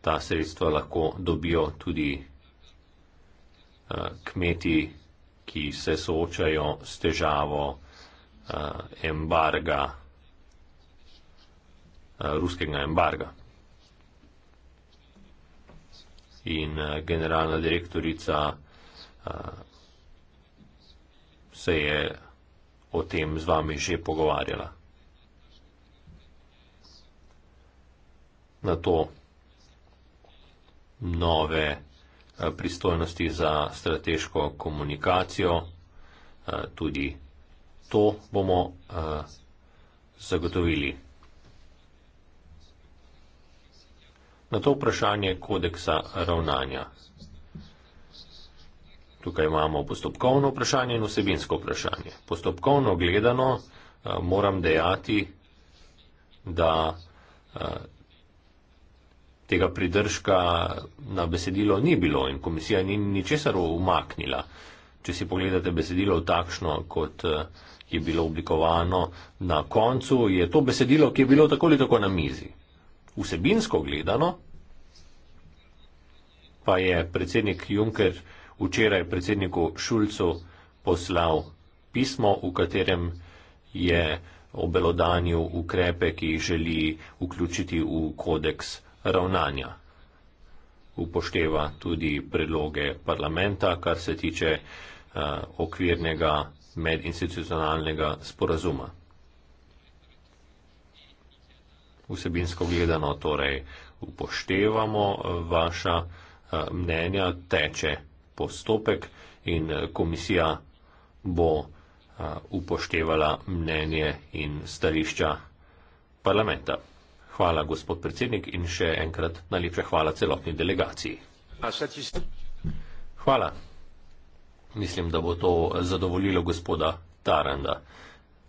Ta sredstva lahko dobijo tudi eh, kmeti, ki se soočajo s težavo eh, embarga, ruskega embarga. In generalna direktorica se je o tem z vami že pogovarjala. Na to nove eh, pristojnosti za strateško komunikacijo, eh, tudi to bomo eh, zagotovili. Na to vprašanje kodeksa ravnanja Tukaj imamo postopkovno vprašanje in vsebinsko vprašanje. Postopkovno gledano eh, moram dejati, da eh, tega pridržka na besedilo ni bilo in komisija ni ničesar umaknila. Če si pogledate besedilo takšno, kot eh, je bilo oblikovano na koncu, je to besedilo, ki je bilo tako ali tako na mizi. Vsebinsko gledano pa je predsednik Juncker včeraj predsedniku Šulcu poslal pismo, v katerem je obelodanil ukrepe, ki jih želi vključiti v kodeks ravnanja. Upošteva tudi predloge parlamenta, kar se tiče uh, okvirnega medinstitucionalnega sporazuma. Vsebinsko gledano torej upoštevamo eh, vaša eh, mnenja, teče postopek in eh, komisija bo eh, upoštevala mnenje in stališča parlamenta. Hvala, gospod predsednik, in še enkrat najlepša hvala celotni delegaciji. Hvala. Mislim, da bo to zadovoljilo gospoda Taranda.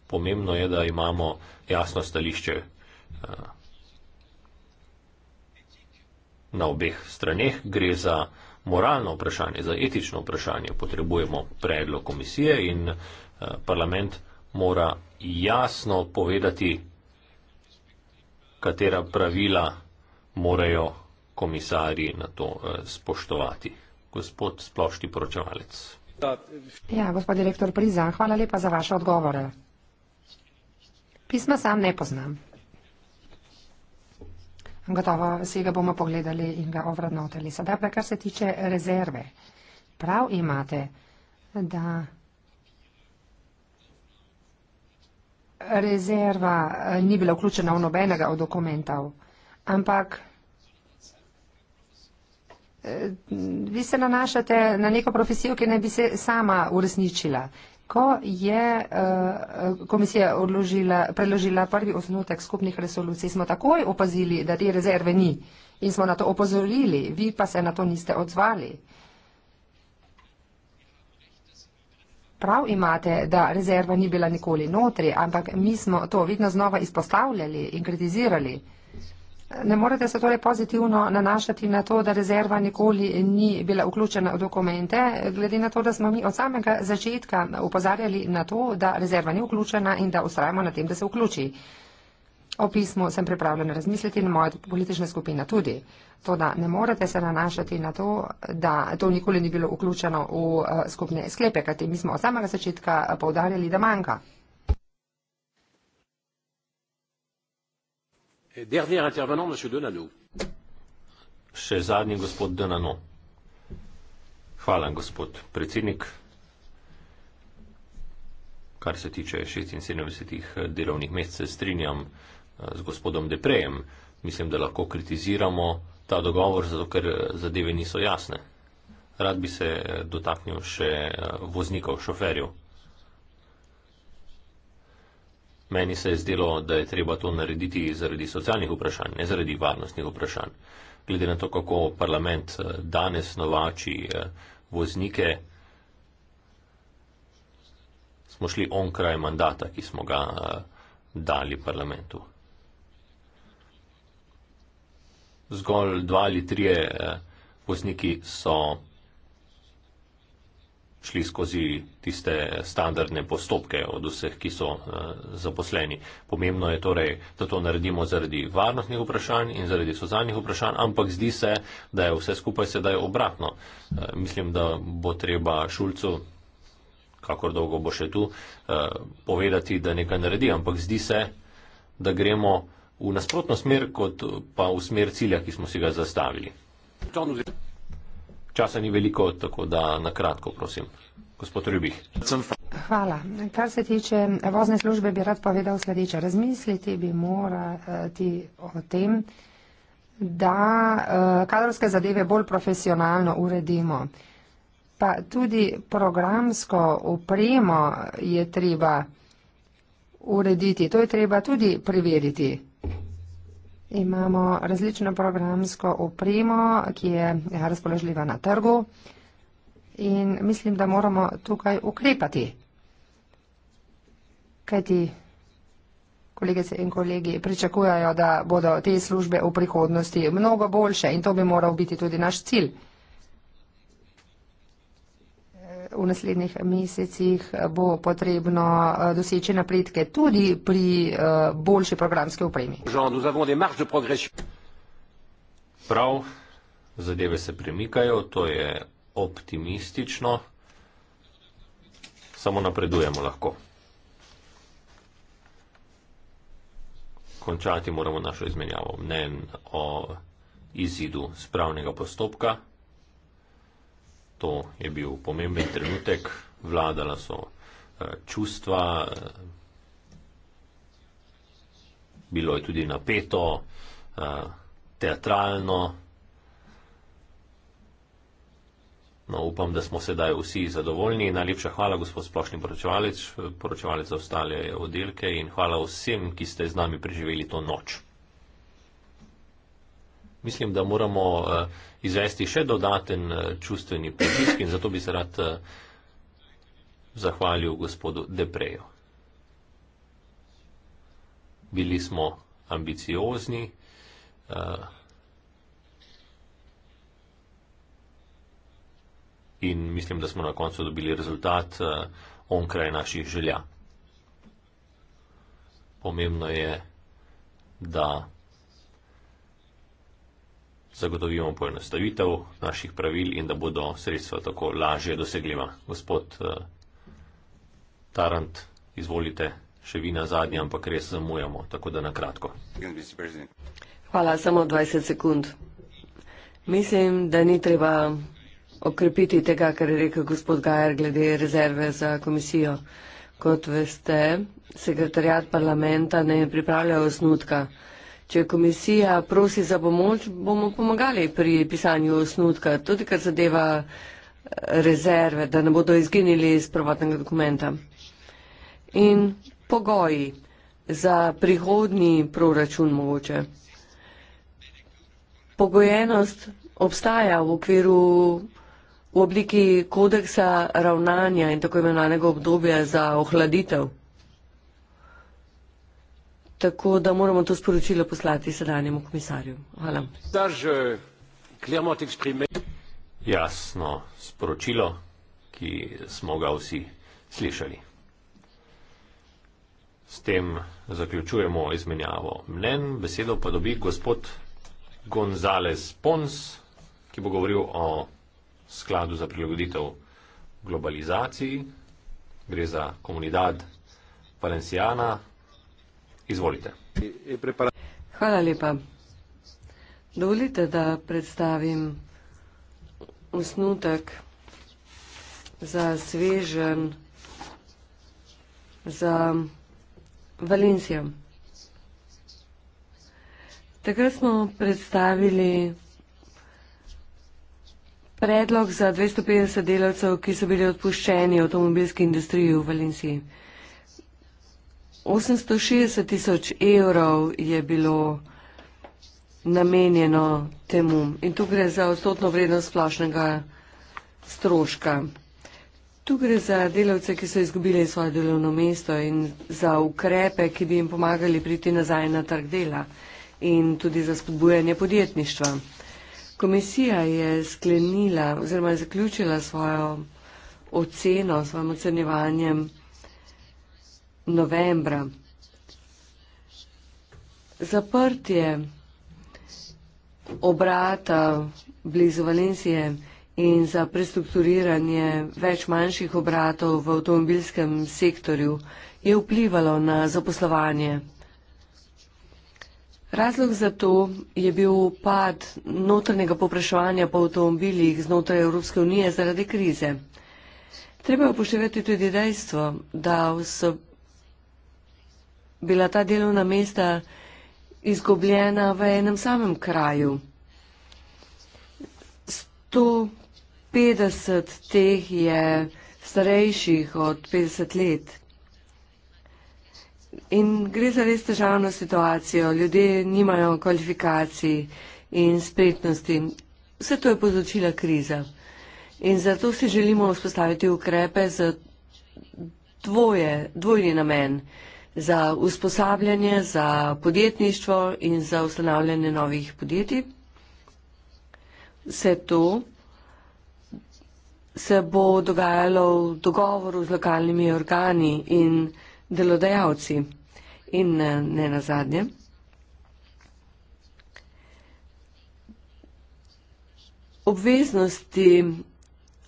Pomembno je, da imamo jasno stališče eh, na obeh straneh. Gre za moralno vprašanje, za etično vprašanje potrebujemo predlog komisije in eh, parlament mora jasno povedati, katera pravila morajo komisarji na to eh, spoštovati. Gospod splošni poročevalec. Ja, gospod direktor Priza, hvala lepa za vaše odgovore. Pisma sam ne poznam. Gotovo si ga bomo pogledali in ga ovrednotili. Sedaj pa, kar se tiče rezerve. Prav imate, da rezerva eh, ni bila vključena v nobenega od dokumentov, ampak eh, vi se nanašate na neko profesijo, ki ne bi se sama uresničila ko je eh, komisija predložila prvi osnutek skupnih resolucij, smo takoj opazili, da te rezerve ni in smo na to opozorili, vi pa se na to niste odzvali. Prav imate, da rezerva ni bila nikoli notri, ampak mi smo to vidno znova izpostavljali in kritizirali. Ne morete se torej pozitivno nanašati na to, da rezerva nikoli ni bila vključena v dokumente, glede na to, da smo mi od samega začetka upozarjali na to, da rezerva ni vključena in da ustrajamo na tem, da se vključi. O pismu sem pripravljena razmisliti in moja politična skupina tudi. To, da ne morete se nanašati na to, da to nikoli ni bilo vključeno v eh, skupne sklepe, kajti mi smo od samega začetka povdarjali, da manjka. Dernier intervenant, Monsieur Denano. Še zadnji gospod Denano. Hvala, gospod predsednik. Kar se tiče 76 eh, delovnih mest, se strinjam eh, z gospodom Deprejem. Mislim, da lahko kritiziramo ta dogovor, zato ker eh, zadeve niso jasne. Rad bi se dotaknil še voznikov, šoferjev. Meni se je zdelo, da je treba to narediti zaradi socialnih vprašanj, ne zaradi varnostnih vprašanj. Glede na to, kako parlament eh, danes novači eh, voznike, smo šli onkraj mandata, ki smo ga eh, dali parlamentu. Zgolj dva ali trije vozniki so šli skozi tiste standardne postopke od vseh, ki so uh, zaposleni. Pomembno je torej, da to naredimo zaradi varnostnih vprašanj in zaradi sozanjih vprašanj, ampak zdi se, da je vse skupaj sedaj obratno. Uh, mislim, da bo treba Šulcu, kakor dolgo bo še tu, uh, povedati, da nekaj naredi, ampak zdi se, da gremo v nasprotno smer, kot pa v smer cilja, ki smo si ga zastavili. Časa ni veliko, tako da na kratko, prosim. Gospod Rubih. Hvala. Kar se tiče vozne službe, bi rad povedal sledeče. Razmisliti bi morali o tem, da eh, kadrovske zadeve bolj profesionalno uredimo. Pa tudi programsko upremo je treba urediti. To je treba tudi preveriti. Imamo različno programsko opremo, ki je ja, razpoložljiva na trgu in mislim, da moramo tukaj ukrepati. Kajti kolegice in kolegi pričakujajo, da bodo te službe v prihodnosti mnogo boljše in to bi moral biti tudi naš cilj. v naslednjih mesecih bo potrebno eh, doseči napredke tudi pri eh, boljši programski opremi. Prav, zadeve se premikajo, to je optimistično, samo napredujemo lahko. Končati moramo našo izmenjavo mnen o izidu spravnega postopka to je bil pomemben trenutek, vladala so eh, čustva, eh, bilo je tudi napeto, eh, teatralno. No, upam, da smo sedaj vsi zadovoljni. Najlepša hvala, gospod splošni poročevalec, poročevalec za ostale oddelke in hvala vsem, ki ste z nami preživeli to noč. Mislim, da moramo uh, izvesti še dodaten eh, čustveni pritisk in zato bi se rad eh, zahvalil gospodu Depreju. Bili smo ambiciozni, eh, In mislim, da smo na koncu dobili rezultat uh, onkraj naših želja. Pomembno je, da zagotovimo poenostavitev naših pravil in da bodo sredstva tako lažje dosegljiva. Gospod uh, Tarant, izvolite, še vi na zadnji, ampak res zamujamo, tako da na kratko. Hvala, samo 20 sekund. Mislim, da ni treba okrepiti tega, kar je rekel gospod Gajer glede rezerve za komisijo. Kot veste, sekretarjat parlamenta ne pripravlja osnutka. Če komisija prosi za pomoč, bomo pomagali pri pisanju osnutka, tudi kar zadeva eh, rezerve, da ne bodo izginili iz prvotnega dokumenta. In pogoji za prihodni proračun mogoče. Pogojenost obstaja v okviru v obliki kodeksa ravnanja in tako imenovanega obdobja za ohladitev. Tako da moramo to sporočilo poslati sedanjemu komisarju. Hvala. Jasno sporočilo, ki smo ga vsi slišali. S tem zaključujemo izmenjavo mnen. Besedo pa dobi gospod Gonzales Pons, ki bo govoril o skladu za prilagoditev globalizaciji. Gre za komunidad Valencijana. Izvolite. Hvala lepa. Dovolite, da predstavim osnutek za svežen za Valencijo. Takrat smo predstavili predlog za 250 delavcev, ki so bili odpuščeni v avtomobilski industriji v Valenciji. 860 tisoč evrov je bilo namenjeno temu in tu gre za odstotno vrednost splošnega stroška. Tu gre za delavce, ki so izgubili svoje delovno mesto in za ukrepe, ki bi jim pomagali priti nazaj na trg dela in tudi za spodbujanje podjetništva. Komisija je sklenila oziroma je zaključila svojo oceno, svojim ocenjevanjem novembra. Zaprtje obrata blizu Valencije in za prestrukturiranje več manjših obratov v avtomobilskem sektorju je vplivalo na zaposlovanje. Razlog za to je bil pad notrnega popraševanja po avtomobilih znotraj Evropske unije zaradi krize. Treba upoštevati tudi dejstvo, da bila ta delovna mesta izgubljena v enem samem kraju. 150 teh je starejših od 50 let. In gre za res težavno situacijo. Ljudje nimajo kvalifikacij in spretnosti. Vse to je povzročila kriza. In zato si želimo vzpostaviti ukrepe za dvoje, dvojni namen za usposabljanje, za podjetništvo in za ustanavljanje novih podjetij. Vse to se bo dogajalo v dogovoru z lokalnimi organi in delodajalci. In eh, ne nazadnje. Obveznosti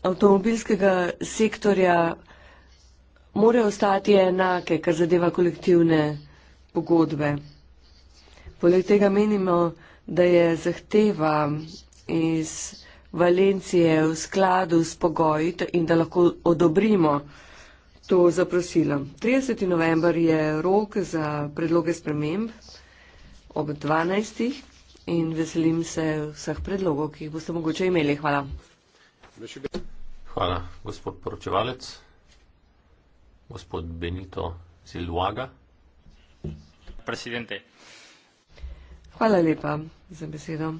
avtomobilskega sektorja morajo ostati enake, kar zadeva kolektivne pogodbe. Poleg tega menimo, da je zahteva iz Valencije v skladu s pogoji in da lahko odobrimo to zaprosilo. 30. november je rok za predloge sprememb ob 12. in veselim se vseh predlogov, ki jih boste mogoče imeli. Hvala. Hvala, gospod poročevalec gospod Benito Zilvaga. Presidente. Hvala lepa za besedo.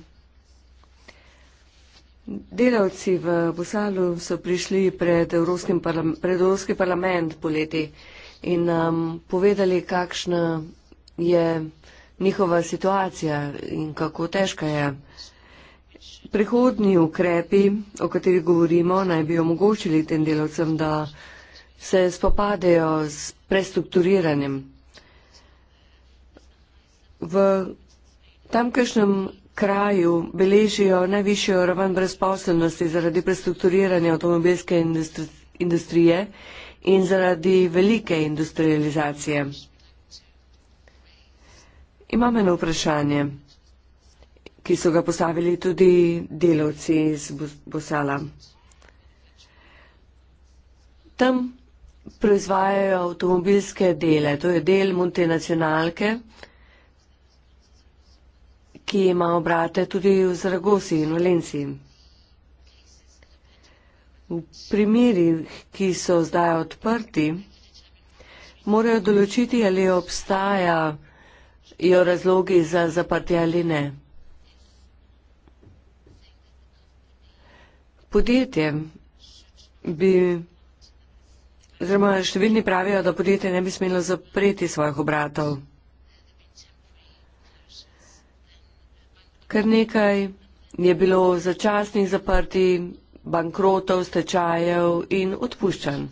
Delavci v Bosalu so prišli pred Evropski parlament, parlament poleti in nam povedali, kakšna je njihova situacija in kako težka je. Prihodni ukrepi, o katerih govorimo, naj bi omogočili tem delavcem, da se spopadejo z prestrukturiranjem. V tamkajšnjem kraju beležijo najvišjo raven brezposobnosti zaradi prestrukturiranja avtomobilske industri industrije in zaradi velike industrializacije. Imam eno vprašanje, ki so ga postavili tudi delavci iz Bosala. Tam proizvajajo avtomobilske dele. To je del multinacionalke, ki ima obrate tudi v Zaragozi in Valenci. V primerih, ki so zdaj odprti, morajo določiti, ali obstajajo razlogi za zaprtje ali ne. Podjetje bi Oziroma, številni pravijo, da podjetje ne bi smelo zapreti svojih obratov. Kar nekaj je bilo začasnih zaprti, bankrotov, stečajev in odpuščanj.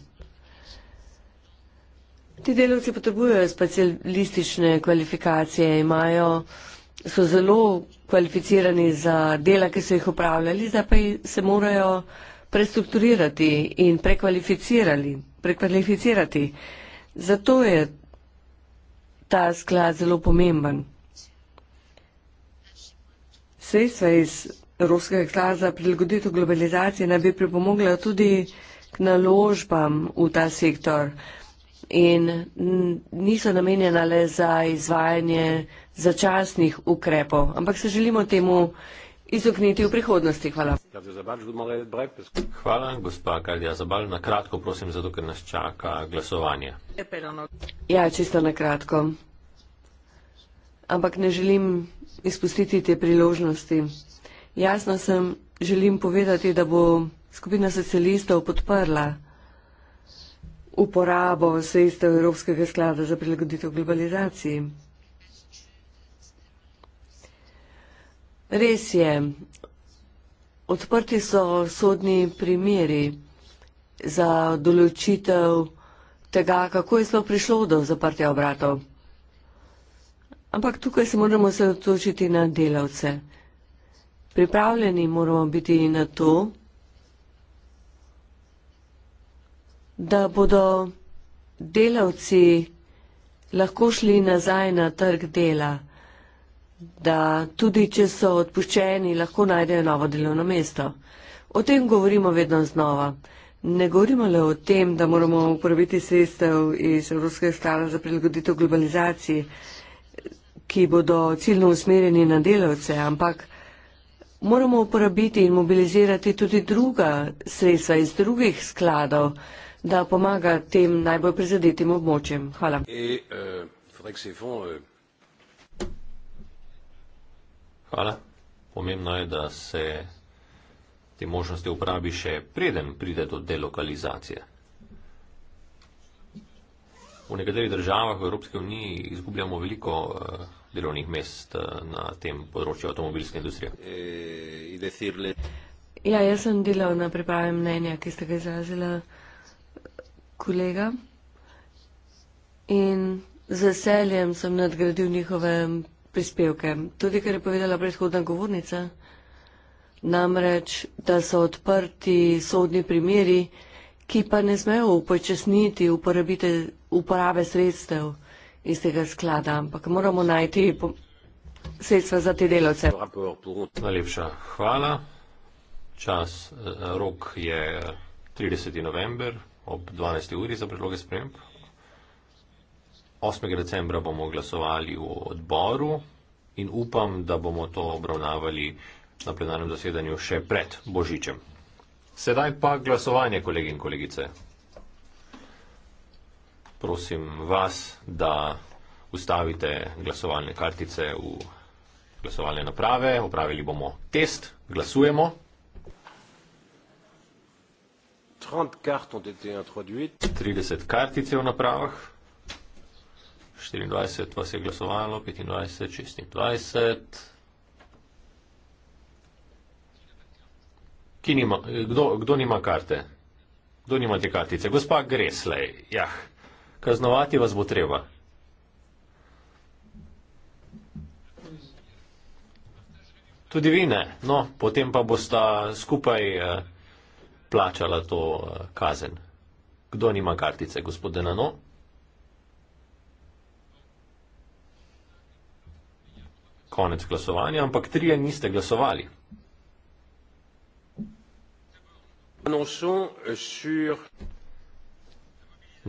Ti delavci potrebujejo specialistične kvalifikacije, imajo, so zelo kvalificirani za dela, ki so jih opravljali, zdaj pa se morajo prestrukturirati in prekvalificirati prekvalificirati. Zato je ta sklad zelo pomemben. Sredstva iz Evropskega sklada za prilagoditev globalizacije naj bi pripomogla tudi k naložbam v ta sektor in niso namenjena le za izvajanje začasnih ukrepov, ampak se želimo temu izogniti v prihodnosti. Hvala. Hvala, gospa Kaldija Zabal. Na kratko, prosim, zato ker nas čaka glasovanje. Ja, čisto na kratko. Ampak ne želim izpustiti te priložnosti. Jasno sem, želim povedati, da bo skupina socialistov podprla uporabo sredstev Evropskega sklada za prilagoditev globalizaciji. Res je, odprti so sodni primeri za določitev tega, kako je sploh prišlo do zaprtja obratov. Ampak tukaj se moramo osredotočiti na delavce. Pripravljeni moramo biti na to, da bodo delavci lahko šli nazaj na trg dela da tudi, če so odpuščeni, lahko najdejo novo delovno mesto. O tem govorimo vedno znova. Ne govorimo le o tem, da moramo uporabiti sredstev iz Evropskega sklada za prilagoditev globalizaciji, ki bodo ciljno usmerjeni na delavce, ampak moramo uporabiti in mobilizirati tudi druga sredstva iz drugih skladov, da pomaga tem najbolj prizadetim območjem. Hvala. E, uh, Hvala. Pomembno je, da se te možnosti uporabi še preden pride do delokalizacije. V nekaterih državah v Evropske unije izgubljamo veliko eh, delovnih mest eh, na tem področju avtomobilske industrije. Eh, ja, jaz sem delal na pripravi mnenja, ki ste ga izrazila kolega. In z veseljem sem nadgradil njihove prispevke. Tudi, kar je povedala predhodna govornica, namreč, da so odprti sodni primeri, ki pa ne smejo upočasniti uporabe sredstev iz tega sklada, ampak moramo najti sredstva za te delavce. Najlepša hvala. Čas, eh, rok je 30. november ob 12. uri za predloge sprememb. 8. decembra bomo glasovali v odboru in upam, da bomo to obravnavali na plenarnem zasedanju še pred Božičem. Sedaj pa glasovanje, kolegi in kolegice. Prosim vas, da ustavite glasovalne kartice v glasovalne naprave. Upravili bomo test. Glasujemo. 30 kartic je v napravah. 24 vas je glasovalo, 25, 26. Nima, kdo, kdo nima karte? Kdo nima te kartice? Gospa Greslej, jah, kaznovati vas bo treba. Tudi vi ne, no, potem pa bosta skupaj eh, plačala to eh, kazen. Kdo nima kartice, gospod Denano? konec glasovanja, ampak trije niste glasovali.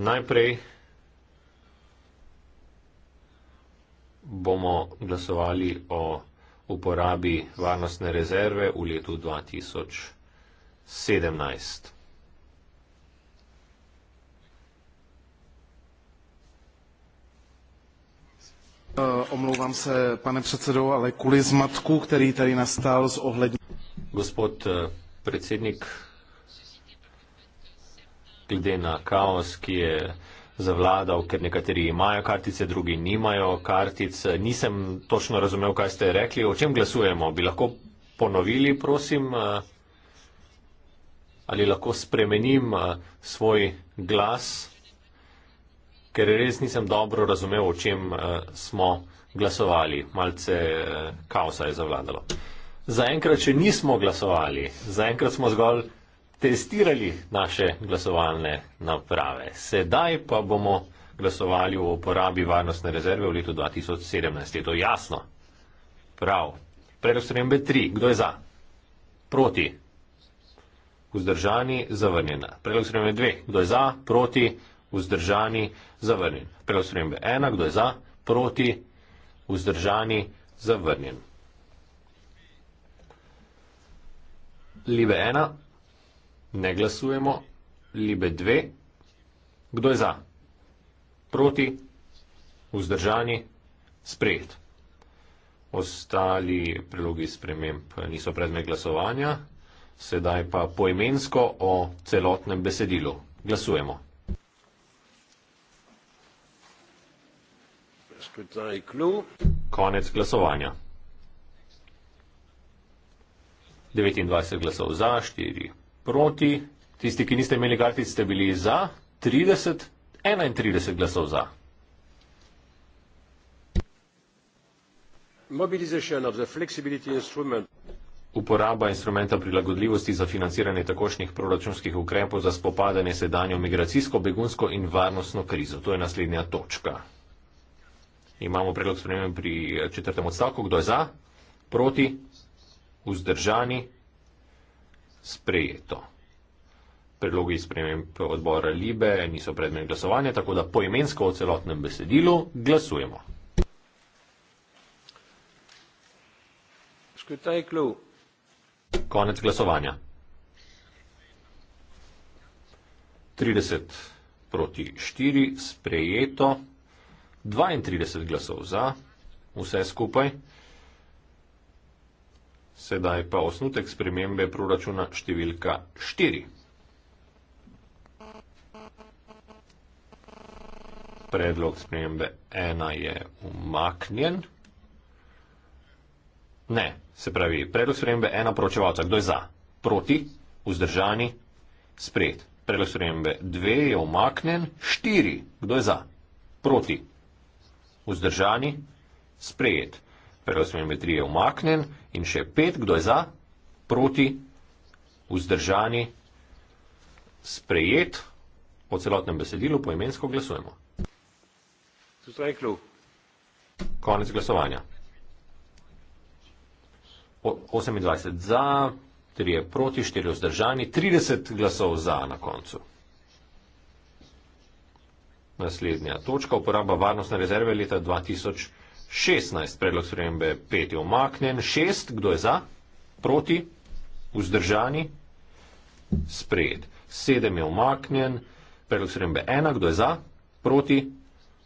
Najprej bomo glasovali o uporabi varnostne rezerve v letu 2017. Eh, omlouvám se, pane předsedo, ale kvůli zmatku, který tady nastal z ohledně... Gospod eh, predsednik, glede na kaos, ki je zavladal, ker nekateri imajo kartice, drugi nimajo kartic, nisem točno razumel, kaj ste rekli, o čem glasujemo. Bi lahko ponovili, prosim, eh, ali lahko spremenim svoj glas? Glas? ker res nisem dobro razumel, o čem uh, smo glasovali. Malce uh, kaosa je zavladalo. Zaenkrat, če nismo glasovali, zaenkrat smo zgolj testirali naše glasovalne naprave. Sedaj pa bomo glasovali o uporabi varnostne rezerve v letu 2017. Je to jasno? Prav. Predlog spremembe 3. Kdo je za? Proti. Vzdržani, zavrnjena. Predlog spremembe 2. Kdo je za? Proti vzdržani, zavrnjen. Prvo spremembe ena, kdo je za, proti, vzdržani, zavrnjen. Libe ena, ne glasujemo, libe dve, kdo je za, proti, vzdržani, sprejet. Ostali prilogi sprememb niso predmet glasovanja, sedaj pa poimensko o celotnem besedilu. Glasujemo. Konec glasovanja. 29 glasov za, 4 proti. Tisti, ki niste imeli kartic, ste bili za. 30, 31 glasov za. Uporaba instrumenta prilagodljivosti za financiranje takošnjih proračunskih ukrepov za spopadanje sedanjo migracijsko, begunsko in varnostno krizo. To je naslednja točka. Imamo predlog spremembe pri četrtem odstavku. Kdo je za? Proti? Vzdržani? Sprejeto. Predlogi sprememb odbora Libe niso predmet glasovanja, tako da poimensko o celotnem besedilu glasujemo. Konec glasovanja. 30 proti 4, sprejeto. 32 glasov za, vse skupaj. Sedaj pa osnutek spremembe proračuna številka 4. Predlog spremembe 1 je umaknjen. Ne, se pravi, predlog spremembe 1 poročevalca. Kdo je za? Proti, vzdržani, sprejet. Predlog spremembe 2 je umaknjen. 4. Kdo je za? Proti, vzdržani, sprejet. Perosmimetrij je umaknen in še pet, kdo je za, proti, vzdržani, sprejet. O celotnem besedilu poimensko glasujemo. Konec glasovanja. O, 28 za, 3 proti, 4 vzdržani, 30 glasov za na koncu naslednja točka, uporaba varnostne rezerve leta 2016, predlog spremembe 5 je omaknjen, 6, kdo je za, proti, vzdržani, sprejet, 7 je omaknjen, predlog spremembe 1, kdo je za, proti,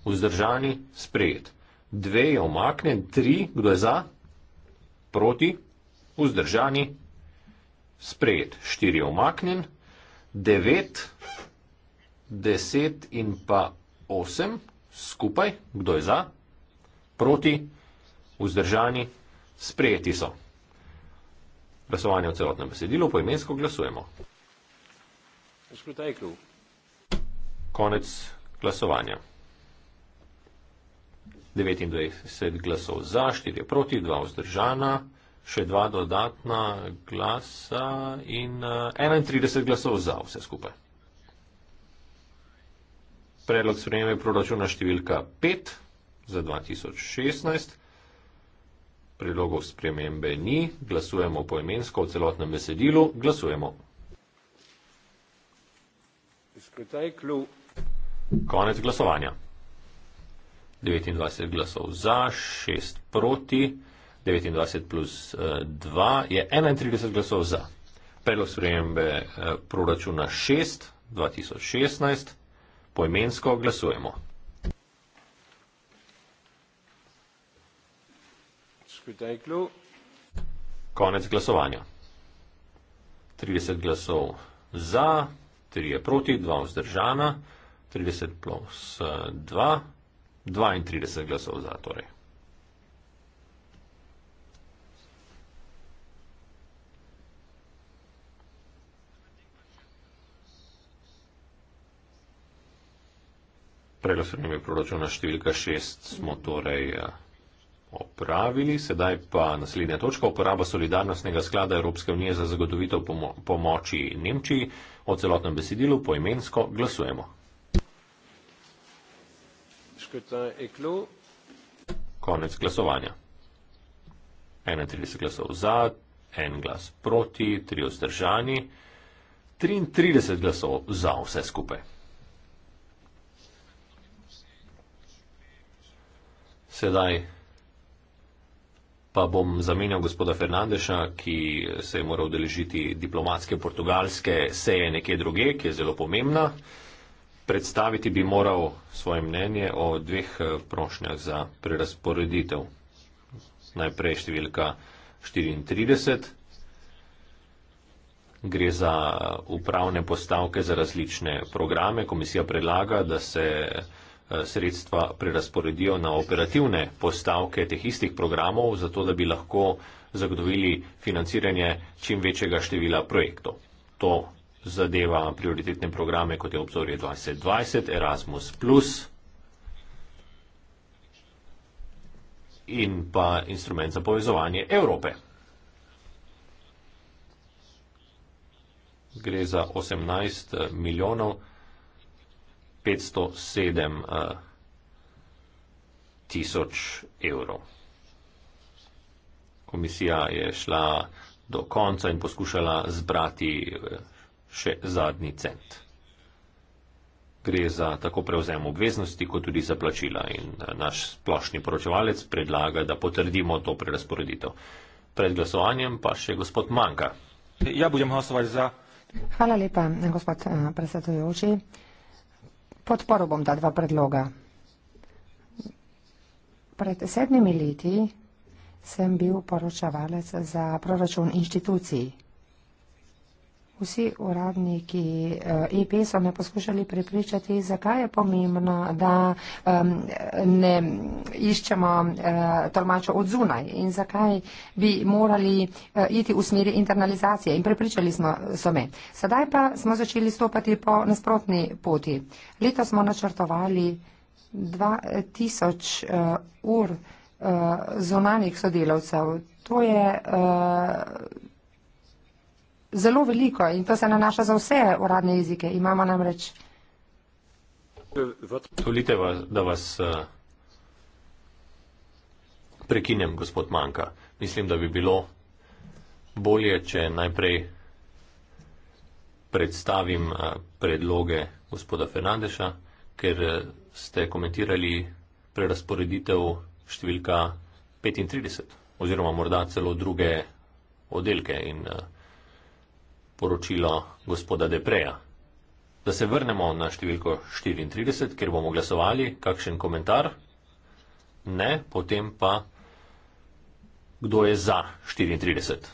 vzdržani, sprejet, 2 je omaknjen, 3, kdo je za, proti, vzdržani, sprejet, 4 je omaknjen, 9, 10 in pa 8, skupaj, kdo je za, proti, vzdržani, sprejeti so. Glasovanje v celotnem besedilu poimensko glasujemo. Konec glasovanja. 29 glasov za, 4 proti, 2 vzdržana, še 2 dodatna glasa in 31 eh, glasov za vse skupaj predlog spremembe proračuna številka 5 za 2016. Predlogov spremembe ni, glasujemo poimensko v celotnem besedilu, glasujemo. Konec glasovanja. 29 glasov za, 6 proti, 29 plus 2 eh, je 31 glasov za. Predlog spremembe eh, proračuna 6 2016. Poimensko glasujemo. Konec glasovanja. 30 glasov za, 3 je proti, 2 vzdržana, 30 plus 2, eh, 32 glasov za torej. predlasenim je proračuna številka 6 smo torej eh, opravili. Sedaj pa naslednja točka, uporaba solidarnostnega sklada Evropske unije za zagotovitev pomo pomoči Nemčiji. O celotnem besedilu poimensko glasujemo. Konec glasovanja. 31 glasov za, 1 glas proti, 3 vzdržani, 33 glasov za vse skupaj. Sedaj pa bom zamenjal gospoda Fernandeša, ki se je moral deležiti diplomatske portugalske seje nekje druge, ki je zelo pomembna. Predstaviti bi moral svoje mnenje o dveh eh, prošnjah za prerasporeditev. Najprej številka 34. Gre za upravne postavke za različne programe. Komisija predlaga, da se Eh, sredstva prerasporedijo na operativne postavke teh istih programov, zato da bi lahko zagotovili financiranje čim večjega števila projektov. To zadeva prioritetne programe, kot je obzorje 2020, Erasmus, in pa instrument za povezovanje Evrope. Gre za 18 eh, milijonov evrov. 507 eh, tisoč evrov. Komisija je šla do konca in poskušala zbrati eh, še zadnji cent. Gre za tako prevzem obveznosti, kot tudi za plačila in eh, naš splošni poročevalec predlaga, da potrdimo to prerasporeditev. Pred glasovanjem pa še gospod Manka. Ja, budem glasovati za. Hvala lepa, gospod predsedujoči podporil bom ta dva predloga. Pred sedmimi leti sem bil poročevalec za proračun inštitucij. Vsi uradniki EP eh, e so me poskušali prepričati, zakaj je pomembno, da um, ne iščemo uh, eh, tolmača od zunaj in zakaj bi morali uh, iti v smeri internalizacije. In prepričali smo so me. Sedaj pa smo začeli stopati po nasprotni poti. Leto smo načrtovali 2000 uh, ur uh, zunanih sodelavcev. To je. Uh, zelo veliko in to se nanaša za vse uradne jezike. Imamo namreč. Dovolite, da vas eh, prekinem, gospod Manka. Mislim, da bi bilo bolje, če najprej predstavim eh, predloge gospoda Fernandeša, ker eh, ste komentirali prerasporeditev številka 35 oziroma morda celo druge oddelke in poročilo gospoda Depreja. Da se vrnemo na številko 34, kjer bomo glasovali, kakšen komentar? Ne, potem pa, kdo je za 34?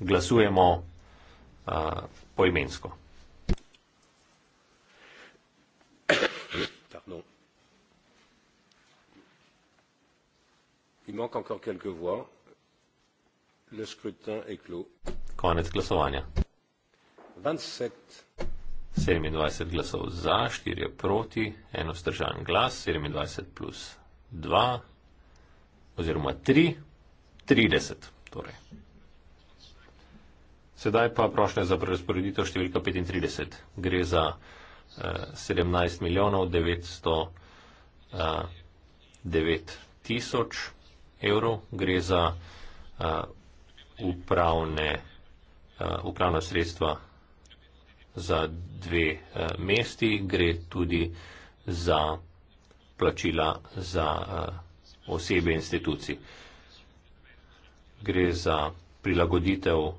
Glasujemo uh, poimensko. Il manque encore quelques voix. Le scrutin est clos konec glasovanja. sedemindvajset glasov za, štirje proti, en vzdržan glas, sedemindvajset plus dva oziroma tri, trideset torej. Sedaj pa prošnja za prerasporeditev številka petintrideset. Gre za eh, sedemnajst milijonov devetsto eh, devet tisoč evrov, gre za eh, upravne Eh, upravna sredstva za dve eh, mesti, gre tudi za plačila za eh, osebe institucij. Gre za prilagoditev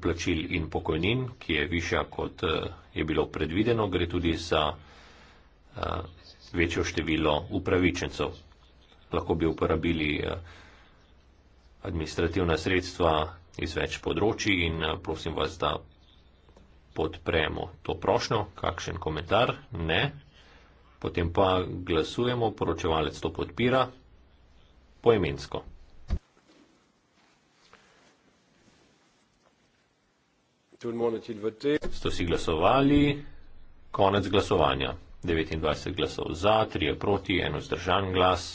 plačil in pokojnin, ki je višja, kot je bilo predvideno, gre tudi za večjo število upravičencev. Lahko bi uporabili administrativna sredstva iz več področji in eh, prosim vas, da podpremo to prošljo. Kakšen komentar? Ne. Potem pa glasujemo, poročevalec to podpira poemensko. Ste si glasovali, konec glasovanja. 29 glasov za, 3 proti, 1 zdržan glas,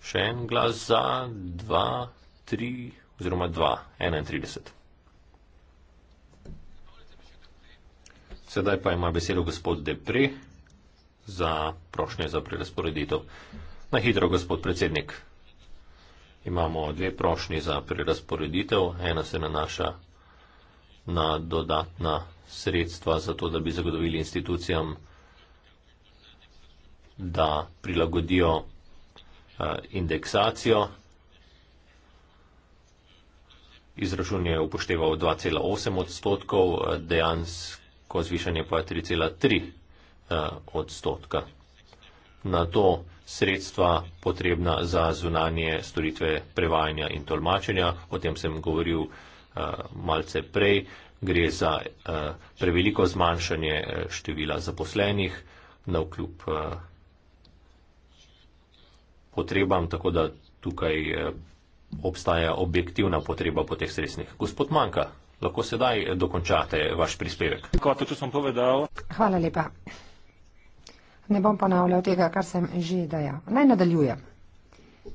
še en glas za, 2 tri oziroma dva, enaintrideset. Sedaj pa ima besedo gospod Depre za prošnje za prerasporeditev. Na hitro, gospod predsednik. Imamo dve prošnje za prerasporeditev. Ena se nanaša na dodatna sredstva za to, da bi zagotovili institucijam, da prilagodijo eh, indeksacijo izračun je upošteval 2,8 odstotkov, dejansko zvišanje pa je 3,3 eh, odstotka. Na to sredstva potrebna za zunanje storitve prevajanja in tolmačenja, o tem sem govoril eh, malce prej, gre za eh, preveliko zmanjšanje števila zaposlenih na vkljub potrebam, tako da tukaj obstaja objektivna potreba po teh sredstvih. Gospod Manka, lahko sedaj dokončate vaš prispevek. Hvala lepa. Ne bom ponavljal tega, kar sem že dejal. Naj nadaljujem.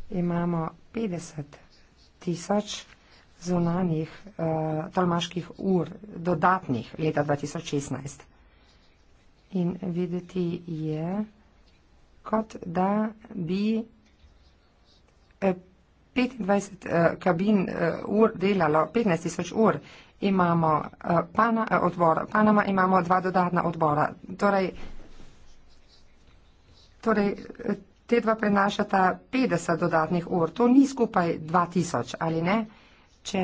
Imamo 50 tisoč zunanjih uh, tolmaških ur dodatnih leta 2016. In videti je, kot da bi eh, 25 uh, eh, kabin uh, ur delalo, 15 tisoč ur imamo uh, pana, uh, odbora, Panama imamo dva dodatna odbora. Torej, torej te dva prenašata 50 dodatnih ur, to ni skupaj 2000 ali ne. Če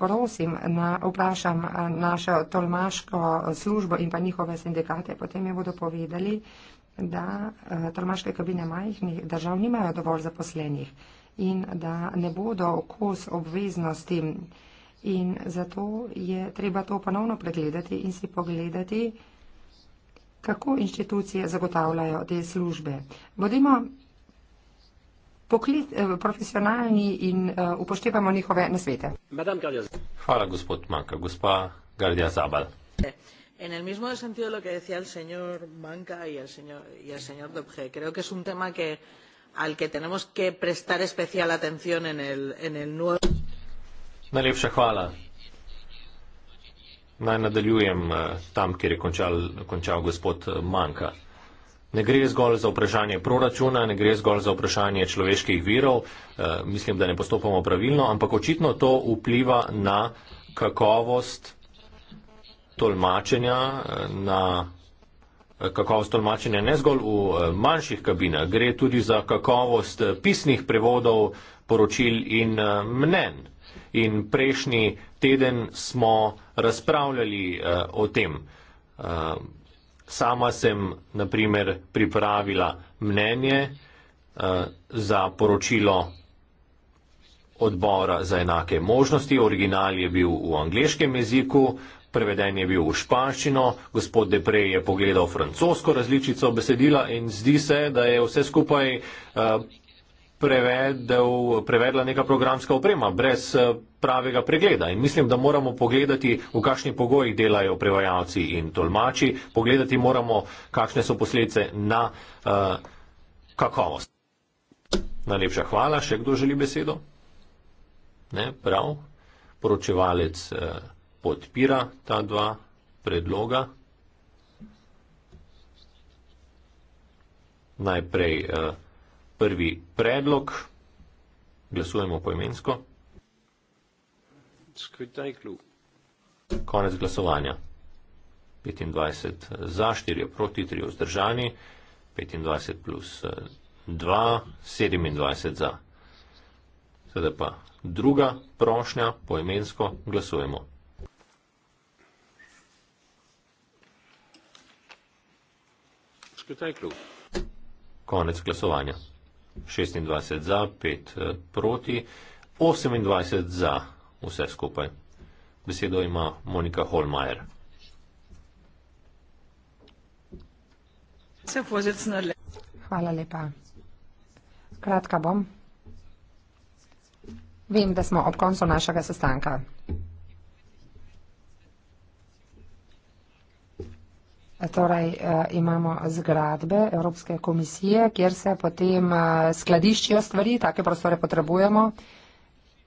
prosim, na, vprašam našo tolmaško službo in pa njihove sindikate, potem mi bodo povedali, da tolmaške kabine majhnih držav nimajo dovolj zaposlenih in da ne bodo kos obveznosti. In zato je treba to ponovno pregledati in si pogledati, kako inštitucije zagotavljajo te službe. Bodimo poklit, eh, profesionalni in eh, upoštevamo njihove nasvete. Hvala, gospod Manka. Gospa Gardija Zabal. En el mismo sentido lo que decía el señor Manca y el señor, y el señor Dobje, creo que es un tema que que tenemos que prestar especial atención en el, en el nuevo. Najlepša hvala. Naj nadaljujem eh, tam, kjer je končal, končal gospod eh, Manka. Ne gre zgolj za vprašanje proračuna, ne gre zgolj za vprašanje človeških virov, e, mislim, da ne postopamo pravilno, ampak očitno to vpliva na kakovost tolmačenja, na kakovost tolmačenja ne zgolj v eh, manjših kabinah, gre tudi za kakovost eh, pisnih prevodov, poročil in eh, mnen. In prejšnji teden smo razpravljali o tem. Sama sem, na primer, pripravila mnenje za poročilo odbora za enake možnosti. Original je bil v angliškem jeziku, Preveden je bil v španščino, gospod Deprej je pogledal francosko različico besedila in zdi se, da je vse skupaj eh, prevedel, prevedla neka programska oprema brez eh, pravega pregleda. In mislim, da moramo pogledati, v kakšnih pogojih delajo prevajalci in tolmači, pogledati moramo, kakšne so posledice na eh, kakovost. Najlepša hvala. Še kdo želi besedo? Ne, prav. Poročevalec. Uh, podpira ta dva predloga. Najprej eh, prvi predlog, glasujemo poimensko. Konec glasovanja. 25 eh, za, 4 proti, 3 vzdržani, 25 plus 2, eh, 27 za. Sedaj pa druga prošnja, poimensko glasujemo. Konec glasovanja. 26 za, 5 eh, proti, 28 za vse skupaj. Besedo ima Monika Holmajer. Hvala lepa. Kratka bom. Vem, da smo ob koncu našega sestanka. Torej, eh, imamo zgradbe Evropske komisije, kjer se potem eh, skladiščijo stvari, take prostore potrebujemo.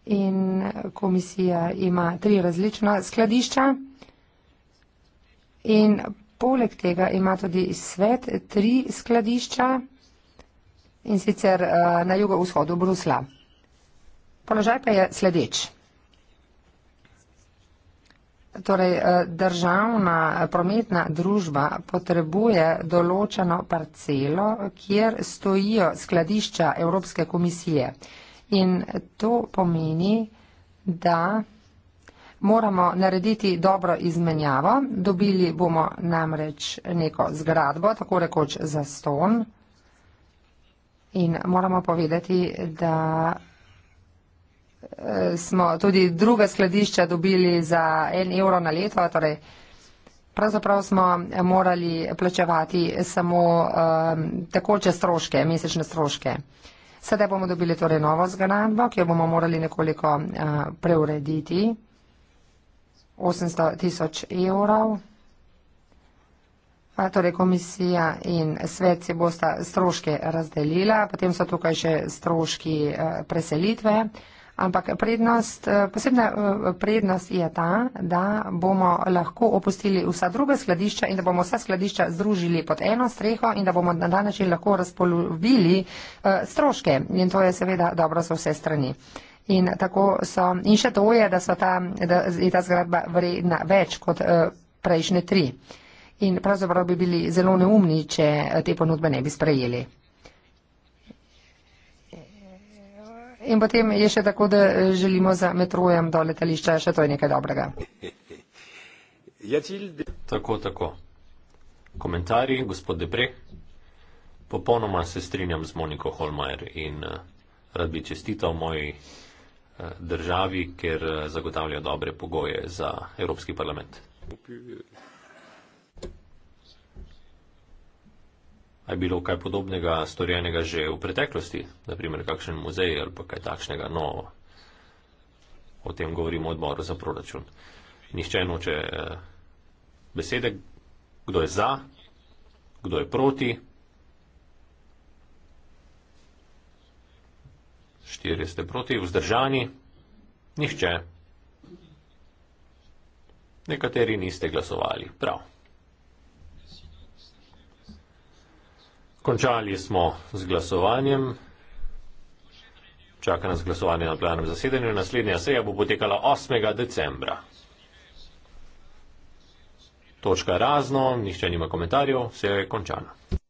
In komisija ima tri različna skladišča. In poleg tega ima tudi svet tri skladišča in sicer eh, na jugovzhodu Brusla. Položaj pa je sledeč. Torej, eh, državna eh, prometna družba potrebuje določeno parcelo, kjer stojijo skladišča Evropske komisije. In to pomeni, da moramo narediti dobro izmenjavo. Dobili bomo namreč neko zgradbo, tako rekoč za ston. In moramo povedati, da Eh, smo tudi druga skladišča dobili za en evro na leto, torej pravzaprav smo morali plačevati samo ehm, tekoče stroške, mesečne stroške. Sedaj bomo dobili torej novo zgradbo, ki jo bomo morali nekoliko eh, preurediti. 800 tisoč evrov. Torej komisija in svet se bosta stroške razdelila, potem so tukaj še stroški eh, preselitve ampak prednost, eh, posebna eh, prednost je ta, da bomo lahko opustili vsa druga skladišča in da bomo vsa skladišča združili pod eno streho in da bomo na dan način lahko razpolovili eh, stroške. In to je seveda dobro za vse strani. In, so, in še to je, da, ta, da je ta zgradba vredna več kot prejšnje tri. In pravzaprav bi bili zelo neumni, če te ponudbe ne bi sprejeli. In potem je še tako, da eh, želimo za metrojem do letališča, še to je nekaj dobrega. [LAUGHS] Tako, tako. Komentarji, gospod Debre. Popolnoma se strinjam z Moniko Holmajer in eh, rad bi čestital moji eh, državi, ker zagotavlja dobre pogoje za Evropski parlament. A je bilo kaj podobnega storjenega že v preteklosti, naprimer kakšen muzej ali pa kaj takšnega, no, o tem govorimo odboru za proračun. Nihče noče eh, besede, kdo je za, kdo je proti. Štirje ste proti, vzdržani, nihče. Nekateri niste glasovali. Prav. Končali smo z glasovanjem. Čaka nas glasovanje na plenarnem zasedanju. Naslednja seja bo potekala 8. decembra. Točka razno, nihče nima komentarjev, vse je končano.